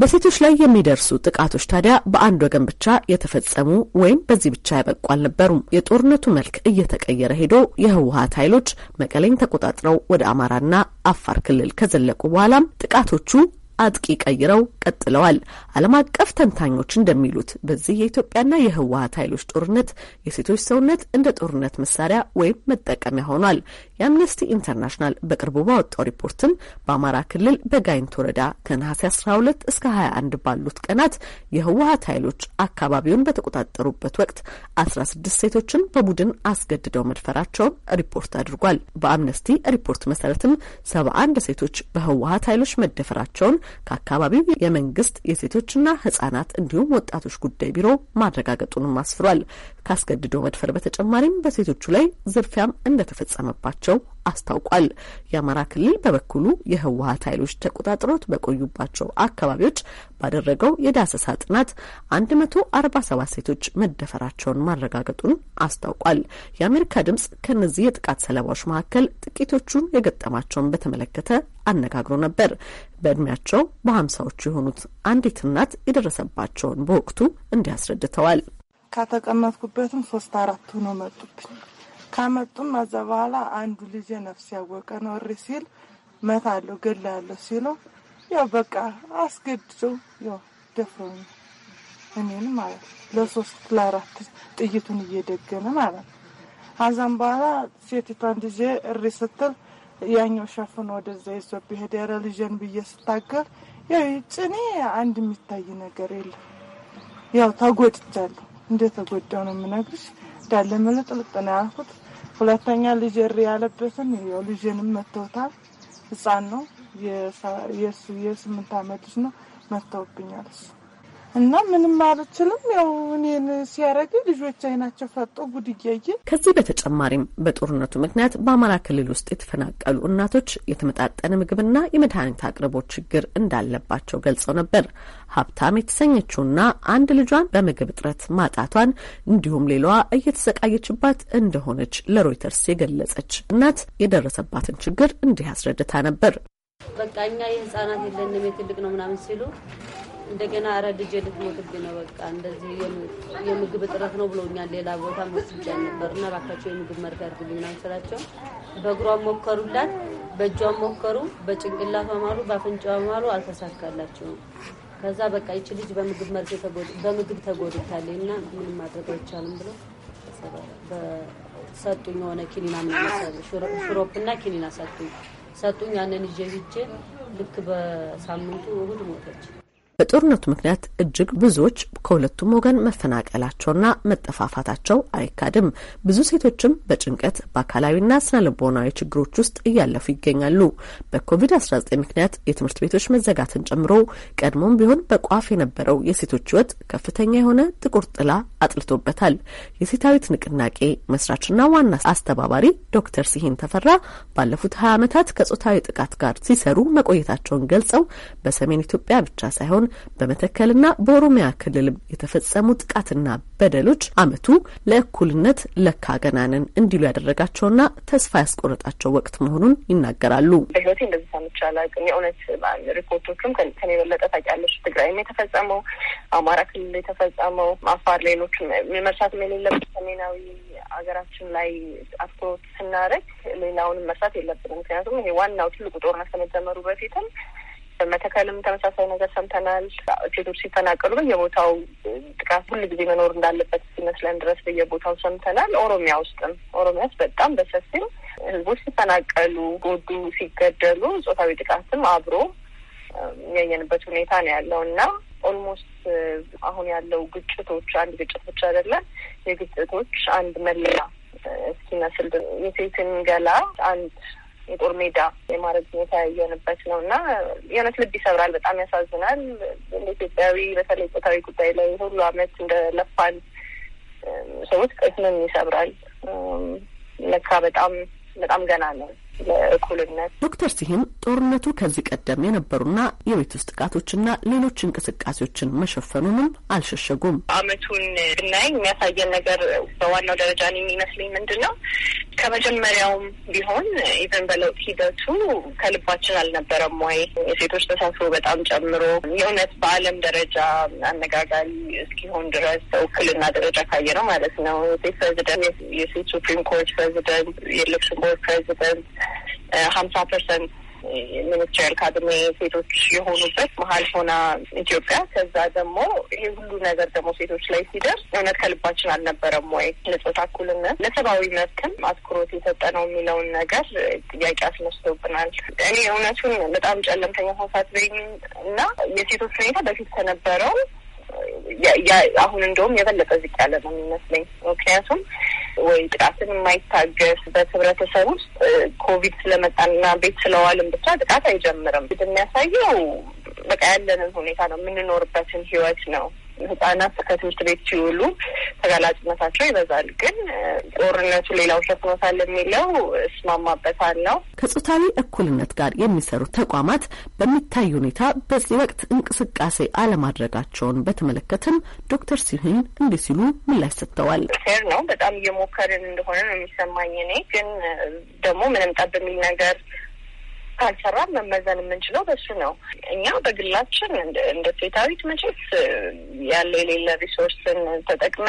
በሴቶች ላይ የሚደርሱ ጥቃቶች ታዲያ በአንድ ወገን ብቻ የተፈጸሙ ወይም በዚህ ብቻ ያበቁ አልነበሩም። የጦርነቱ መልክ እየተቀየረ ሄዶ የህወሀት ኃይሎች መቀሌን ተቆጣጥረው ወደ አማራና አፋር ክልል ከዘለቁ በኋላም ጥቃቶቹ አጥቂ ቀይረው ቀጥለዋል። ዓለም አቀፍ ተንታኞች እንደሚሉት በዚህ የኢትዮጵያና የህወሀት ኃይሎች ጦርነት የሴቶች ሰውነት እንደ ጦርነት መሳሪያ ወይም መጠቀሚያ ሆኗል። የአምነስቲ ኢንተርናሽናል በቅርቡ ባወጣው ሪፖርትም በአማራ ክልል በጋይንት ወረዳ ከነሐሴ 12 እስከ 21 ባሉት ቀናት የህወሀት ኃይሎች አካባቢውን በተቆጣጠሩበት ወቅት 16 ሴቶችን በቡድን አስገድደው መድፈራቸውን ሪፖርት አድርጓል። በአምነስቲ ሪፖርት መሰረትም 71 ሴቶች በህወሀት ኃይሎች መደፈራቸውን ከአካባቢው የመንግስት የሴቶችና ህጻናት እንዲሁም ወጣቶች ጉዳይ ቢሮ ማረጋገጡንም አስፍሯል። ካስገድዶ መድፈር በተጨማሪም በሴቶቹ ላይ ዝርፊያም እንደተፈጸመባቸው አስታውቋል። የአማራ ክልል በበኩሉ የህወሀት ኃይሎች ተቆጣጥሮት በቆዩባቸው አካባቢዎች ባደረገው የዳሰሳ ጥናት 147 ሴቶች መደፈራቸውን ማረጋገጡን አስታውቋል። የአሜሪካ ድምጽ ከነዚህ የጥቃት ሰለባዎች መካከል ጥቂቶቹን የገጠማቸውን በተመለከተ አነጋግሮ ነበር። በእድሜያቸው በሀምሳዎቹ የሆኑት አንዲት እናት የደረሰባቸውን በወቅቱ እንዲያስረድተዋል። ከተቀመጥኩበትም ሶስት አራቱ ነው መጡብኝ ከመጡም አዛ በኋላ አንዱ ልጅ ነፍስ ያወቀ ነው እሪ ሲል መታለሁ ገላለሁ ሲሉ ያው በቃ አስገድዶ ያው ደፍሮኝ እኔን ማለት ነው ለሶስት ለአራት ጥይቱን እየደገነ ማለት ነው። አዛም በኋላ ሴቲቷን ልጄ እሪ ስትል ያኛው ሸፍኖ ወደዛ ይዞ ሄደ። ኧረ ልጄን ብዬ ስታገል ያው ጭኔ አንድ የሚታይ ነገር የለም። ያው ተጎድቻለሁ። እንደ ተጎዳው ነው የምነግርሽ። እንወስዳለን ብሎ ጥልቅ ነው ያልኩት። ሁለተኛ ልጅ እሪ ያለበትን ያው ልጅንም መተውታል። ህፃን ነው የስምንት አመት ልጅ ነው መተውብኛል እሱ እና ምንም አልችልም። ያው እኔን ሲያረግ ልጆች አይናቸው ፈጦ ጉድ እያየ ከዚህ በተጨማሪም በጦርነቱ ምክንያት በአማራ ክልል ውስጥ የተፈናቀሉ እናቶች የተመጣጠነ ምግብና የመድኃኒት አቅርቦት ችግር እንዳለባቸው ገልጸው ነበር። ሀብታም የተሰኘችውና አንድ ልጇን በምግብ እጥረት ማጣቷን እንዲሁም ሌላዋ እየተሰቃየችባት እንደሆነች ለሮይተርስ የገለጸች እናት የደረሰባትን ችግር እንዲህ አስረድታ ነበር። በቃ እኛ የህጻናት የለንም የትልቅ ነው ምናምን ሲሉ እንደገና ኧረ ልጄ ልትሞትብኝ ነው በቃ እንደዚህ የምግብ እጥረት ነው ብሎኛል። ሌላ ቦታ መስጃ ነበር እና እባካቸው የምግብ መርፌ አድርጉልኝ ምናምን ስላቸው በእግሯም ሞከሩላት፣ በእጇም ሞከሩ፣ በጭንቅላቷም አሉ፣ በአፍንጫዋም አሉ፣ አልተሳካላቸውም። ከዛ በቃ ይቺ ልጅ በምግብ መርፌ በምግብ ተጎድታለች እና ምንም ማድረግ አይቻልም ብሎ ሰጡኝ። የሆነ ኪኒና ሹሮፕ እና ኪኒና ሰጡኝ ሰጡኝ። ያንን ይዤ ሂጄ ልክ በሳምንቱ እሁድ ሞተች። በጦርነቱ ምክንያት እጅግ ብዙዎች ከሁለቱም ወገን መፈናቀላቸውና መጠፋፋታቸው አይካድም። ብዙ ሴቶችም በጭንቀት በአካላዊና ስነ ልቦናዊ ችግሮች ውስጥ እያለፉ ይገኛሉ። በኮቪድ-19 ምክንያት የትምህርት ቤቶች መዘጋትን ጨምሮ ቀድሞም ቢሆን በቋፍ የነበረው የሴቶች ሕይወት ከፍተኛ የሆነ ጥቁር ጥላ አጥልቶበታል። የሴታዊት ንቅናቄ መስራችና ዋና አስተባባሪ ዶክተር ሲሂን ተፈራ ባለፉት ሀያ ዓመታት ከጾታዊ ጥቃት ጋር ሲሰሩ መቆየታቸውን ገልጸው በሰሜን ኢትዮጵያ ብቻ ሳይሆን በመተከልና በኦሮሚያ ክልልም የተፈጸሙ ጥቃትና በደሎች አመቱ ለእኩልነት ለካ ገናንን እንዲሉ ያደረጋቸውና ተስፋ ያስቆረጣቸው ወቅት መሆኑን ይናገራሉ። በህይወቴ እንደዚህ ሰምቼ አላውቅም። የእውነት ሪፖርቶችም ከኔ የበለጠ ታውቂያለሽ። ትግራይም የተፈጸመው አማራ ክልል የተፈጸመው አፋር፣ ሌሎችም መርሳት የሌለበት ሰሜናዊ ሀገራችን ላይ አትኩሮት ስናደርግ ሌላውንም መርሳት የለብንም። ምክንያቱም ይሄ ዋናው ትልቁ ጦርነት ከመጀመሩ በፊትም በመተከልም ተመሳሳይ ነገር ሰምተናል። ሴቶች ሲፈናቀሉ በየቦታው ጥቃት ሁል ጊዜ መኖር እንዳለበት ሲመስለን ድረስ በየቦታው ሰምተናል። ኦሮሚያ ውስጥም ኦሮሚያ ውስጥ በጣም በሰፊው ህዝቦች ሲፈናቀሉ፣ ጎዱ፣ ሲገደሉ ጾታዊ ጥቃትም አብሮ ያየንበት ሁኔታ ነው ያለው እና ኦልሞስት አሁን ያለው ግጭቶች አንድ ግጭቶች አይደለም የግጭቶች አንድ መለያ እስኪመስል የሴትን ገላ አንድ የጦር ሜዳ የማረግ ሁኔታ ያየንበት ነው እና የእውነት ልብ ይሰብራል። በጣም ያሳዝናል። እንደ ኢትዮጵያዊ በተለይ ጾታዊ ጉዳይ ላይ ሁሉ አመት ለፋን ሰዎች ቀስምም ይሰብራል። ለካ በጣም በጣም ገና ነው። እኩልነት። ዶክተር ሲሂን ጦርነቱ ከዚህ ቀደም የነበሩና የቤት ውስጥ ጥቃቶችና ሌሎች እንቅስቃሴዎችን መሸፈኑንም አልሸሸጉም። አመቱን ብናይ የሚያሳየን ነገር በዋናው ደረጃ ነው የሚመስለኝ ምንድን ነው ከመጀመሪያውም ቢሆን ኢቨን በለውጥ ሂደቱ ከልባችን አልነበረም ወይ የሴቶች ተሳትፎ በጣም ጨምሮ የእውነት በዓለም ደረጃ አነጋጋሪ እስኪሆን ድረስ ውክልና ደረጃ ካየ ነው ማለት ነው። የሴት ፕሬዚደንት፣ የሴት ሱፕሪም ኮርት ፕሬዚደንት፣ የኤሌክሽን ፕሬዚደንት ሀምሳ ፐርሰንት ሚኒስትሪያል ካድሜ ሴቶች የሆኑበት መሀል ሆና ኢትዮጵያ። ከዛ ደግሞ ይህ ሁሉ ነገር ደግሞ ሴቶች ላይ ሲደርስ እውነት ከልባችን አልነበረም ወይ? ለጾታ እኩልነት ለሰብአዊ መብትም አትኩሮት የሰጠ ነው የሚለውን ነገር ጥያቄ አስነስቶብናል። እኔ እውነቱን በጣም ጨለምተኛ ሆሳት በኝ እና የሴቶች ሁኔታ በፊት ከነበረው አሁን እንደውም የበለጠ ዝቅ ያለ ነው የሚመስለኝ ምክንያቱም ወይ ጥቃትን የማይታገስ በህብረተሰብ ውስጥ ኮቪድ ስለመጣና ቤት ስለዋልም ብቻ ጥቃት አይጀምርም። የሚያሳየው በቃ ያለንን ሁኔታ ነው፣ የምንኖርበትን ህይወት ነው። ህጻናት ከትምህርት ቤት ሲውሉ ተጋላጭነታቸው ይበዛል። ግን ጦርነቱ ሌላው ሸፍኖታል የሚለው ነው። ከጾታዊ እኩልነት ጋር የሚሰሩ ተቋማት በሚታይ ሁኔታ በዚህ ወቅት እንቅስቃሴ አለማድረጋቸውን በተመለከተም ዶክተር ሲሁን እንዲህ ሲሉ ምላሽ ሰጥተዋል። ፌር ነው በጣም እየሞከርን እንደሆነ ነው የሚሰማኝ እኔ ግን ደግሞ ምንም ጠብ የሚል ነገር ካልሰራ መመዘን የምንችለው በሱ ነው። እኛ በግላችን እንደ ሴታዊት መቼስ ያለ የሌለ ሪሶርስን ተጠቅመ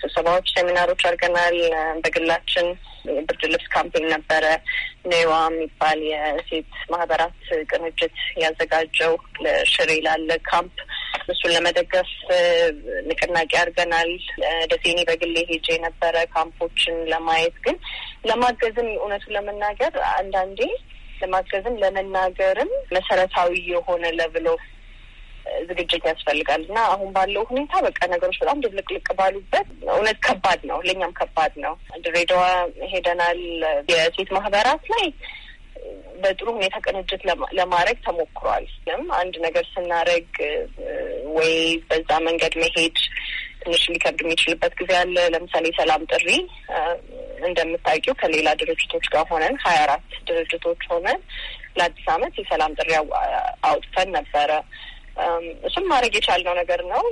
ስብሰባዎች፣ ሴሚናሮች አድርገናል። በግላችን ብርድ ልብስ ካምፔን ነበረ። ኔዋ የሚባል የሴት ማህበራት ቅንጅት ያዘጋጀው ለሽሬ ላለ ካምፕ እሱን ለመደገፍ ንቅናቄ አድርገናል። ደሴኔ በግሌ ሄጄ የነበረ ካምፖችን ለማየት ግን ለማገዝም እውነቱን ለመናገር አንዳንዴ ለማገዝም ለመናገርም መሰረታዊ የሆነ ለብሎ ዝግጅት ያስፈልጋል እና አሁን ባለው ሁኔታ በቃ ነገሮች በጣም ድብልቅልቅ ባሉበት እውነት ከባድ ነው። ለእኛም ከባድ ነው። ድሬዳዋ ሄደናል። የሴት ማህበራት ላይ በጥሩ ሁኔታ ቅንጅት ለማድረግ ተሞክሯል። አንድ ነገር ስናደረግ ወይ በዛ መንገድ መሄድ ትንሽ ሊከብድ የሚችልበት ጊዜ አለ። ለምሳሌ ሰላም ጥሪ እንደምታውቂው ከሌላ ድርጅቶች ጋር ሆነን ሀያ አራት ድርጅቶች ሆነን ለአዲስ አመት የሰላም ጥሪ አውጥተን ነበረ። እሱም ማድረግ የቻልነው ነገር ነው።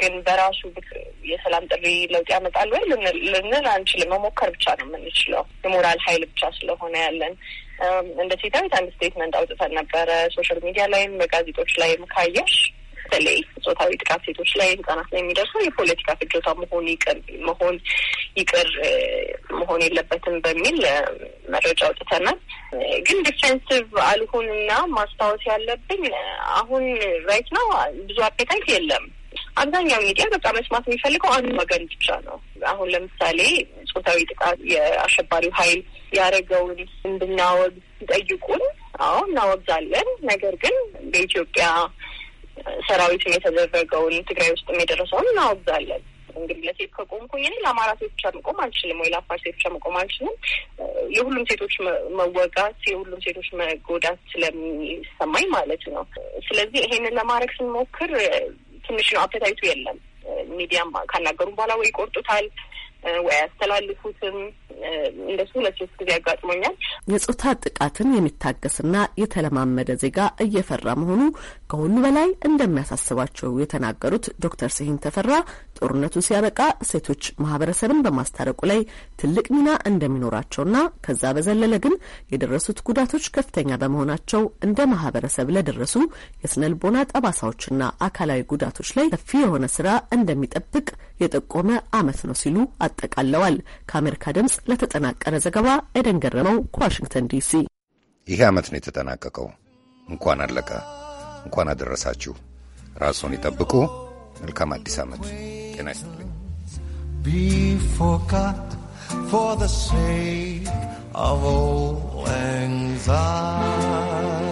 ግን በራሱ የሰላም ጥሪ ለውጥ ያመጣል ወይ ልንል አንችልም። መሞከር ብቻ ነው የምንችለው። የሞራል ኃይል ብቻ ስለሆነ ያለን እንደ ሴታዊት አንድ ስቴትመንት አውጥተን ነበረ። ሶሻል ሚዲያ ላይም በጋዜጦች ላይም ካየሽ በተለይ ጾታዊ ጥቃት ሴቶች ላይ ህጻናት ላይ የሚደርሰው የፖለቲካ ፍጆታ መሆን ይቅር መሆን ይቅር መሆን የለበትም በሚል መረጃ አውጥተናል። ግን ዲፌንሲቭ አልሆን ማስታወስ ያለብኝ አሁን ራይት ነው ብዙ አፔታይት የለም። አብዛኛው ሚዲያ በቃ መስማት የሚፈልገው አንድ ወገን ብቻ ነው። አሁን ለምሳሌ ጾታዊ ጥቃት የአሸባሪው ኃይል ያደረገውን እንድናወግ ጠይቁን አዎ እናወግዛለን። ነገር ግን በኢትዮጵያ ሰራዊት የተደረገውን ትግራይ ውስጥም የደረሰውን እናወግዛለን። እንግዲህ ለሴት ከቆምኩኝ እኔ ለአማራ ሴት ብቻ መቆም አልችልም፣ ወይ ለአፋር ሴት ብቻ መቆም አልችልም። የሁሉም ሴቶች መወጋት፣ የሁሉም ሴቶች መጎዳት ስለሚሰማኝ ማለት ነው። ስለዚህ ይሄንን ለማድረግ ስንሞክር ትንሽ ነው አፕታይቱ የለም። ሚዲያም ካናገሩም በኋላ ወይ ይቆርጡታል ወይ ያስተላልፉትም እንደሱ ሁለት ሶስት ጊዜ አጋጥሞኛል። የጾታ ጥቃትን የሚታገስና የተለማመደ ዜጋ እየፈራ መሆኑ ከሁሉ በላይ እንደሚያሳስባቸው የተናገሩት ዶክተር ስሂን ተፈራ ጦርነቱ ሲያበቃ ሴቶች ማህበረሰብን በማስታረቁ ላይ ትልቅ ሚና እንደሚኖራቸውና ከዛ በዘለለ ግን የደረሱት ጉዳቶች ከፍተኛ በመሆናቸው እንደ ማህበረሰብ ለደረሱ የስነልቦና ጠባሳዎችና አካላዊ ጉዳቶች ላይ ሰፊ የሆነ ስራ እንደሚጠብቅ የጠቆመ አመት ነው ሲሉ አጠቃለዋል። ከአሜሪካ ድምጽ ለተጠናቀረ ዘገባ ኤደን ገረመው ከዋሽንግተን ዲሲ። ይሄ ዓመት ነው የተጠናቀቀው። እንኳን አለቀ፣ እንኳን አደረሳችሁ። ራስዎን ይጠብቁ። መልካም አዲስ ዓመት። ጤና ይስጥልኝ። Be forgot for the sake of old anxiety.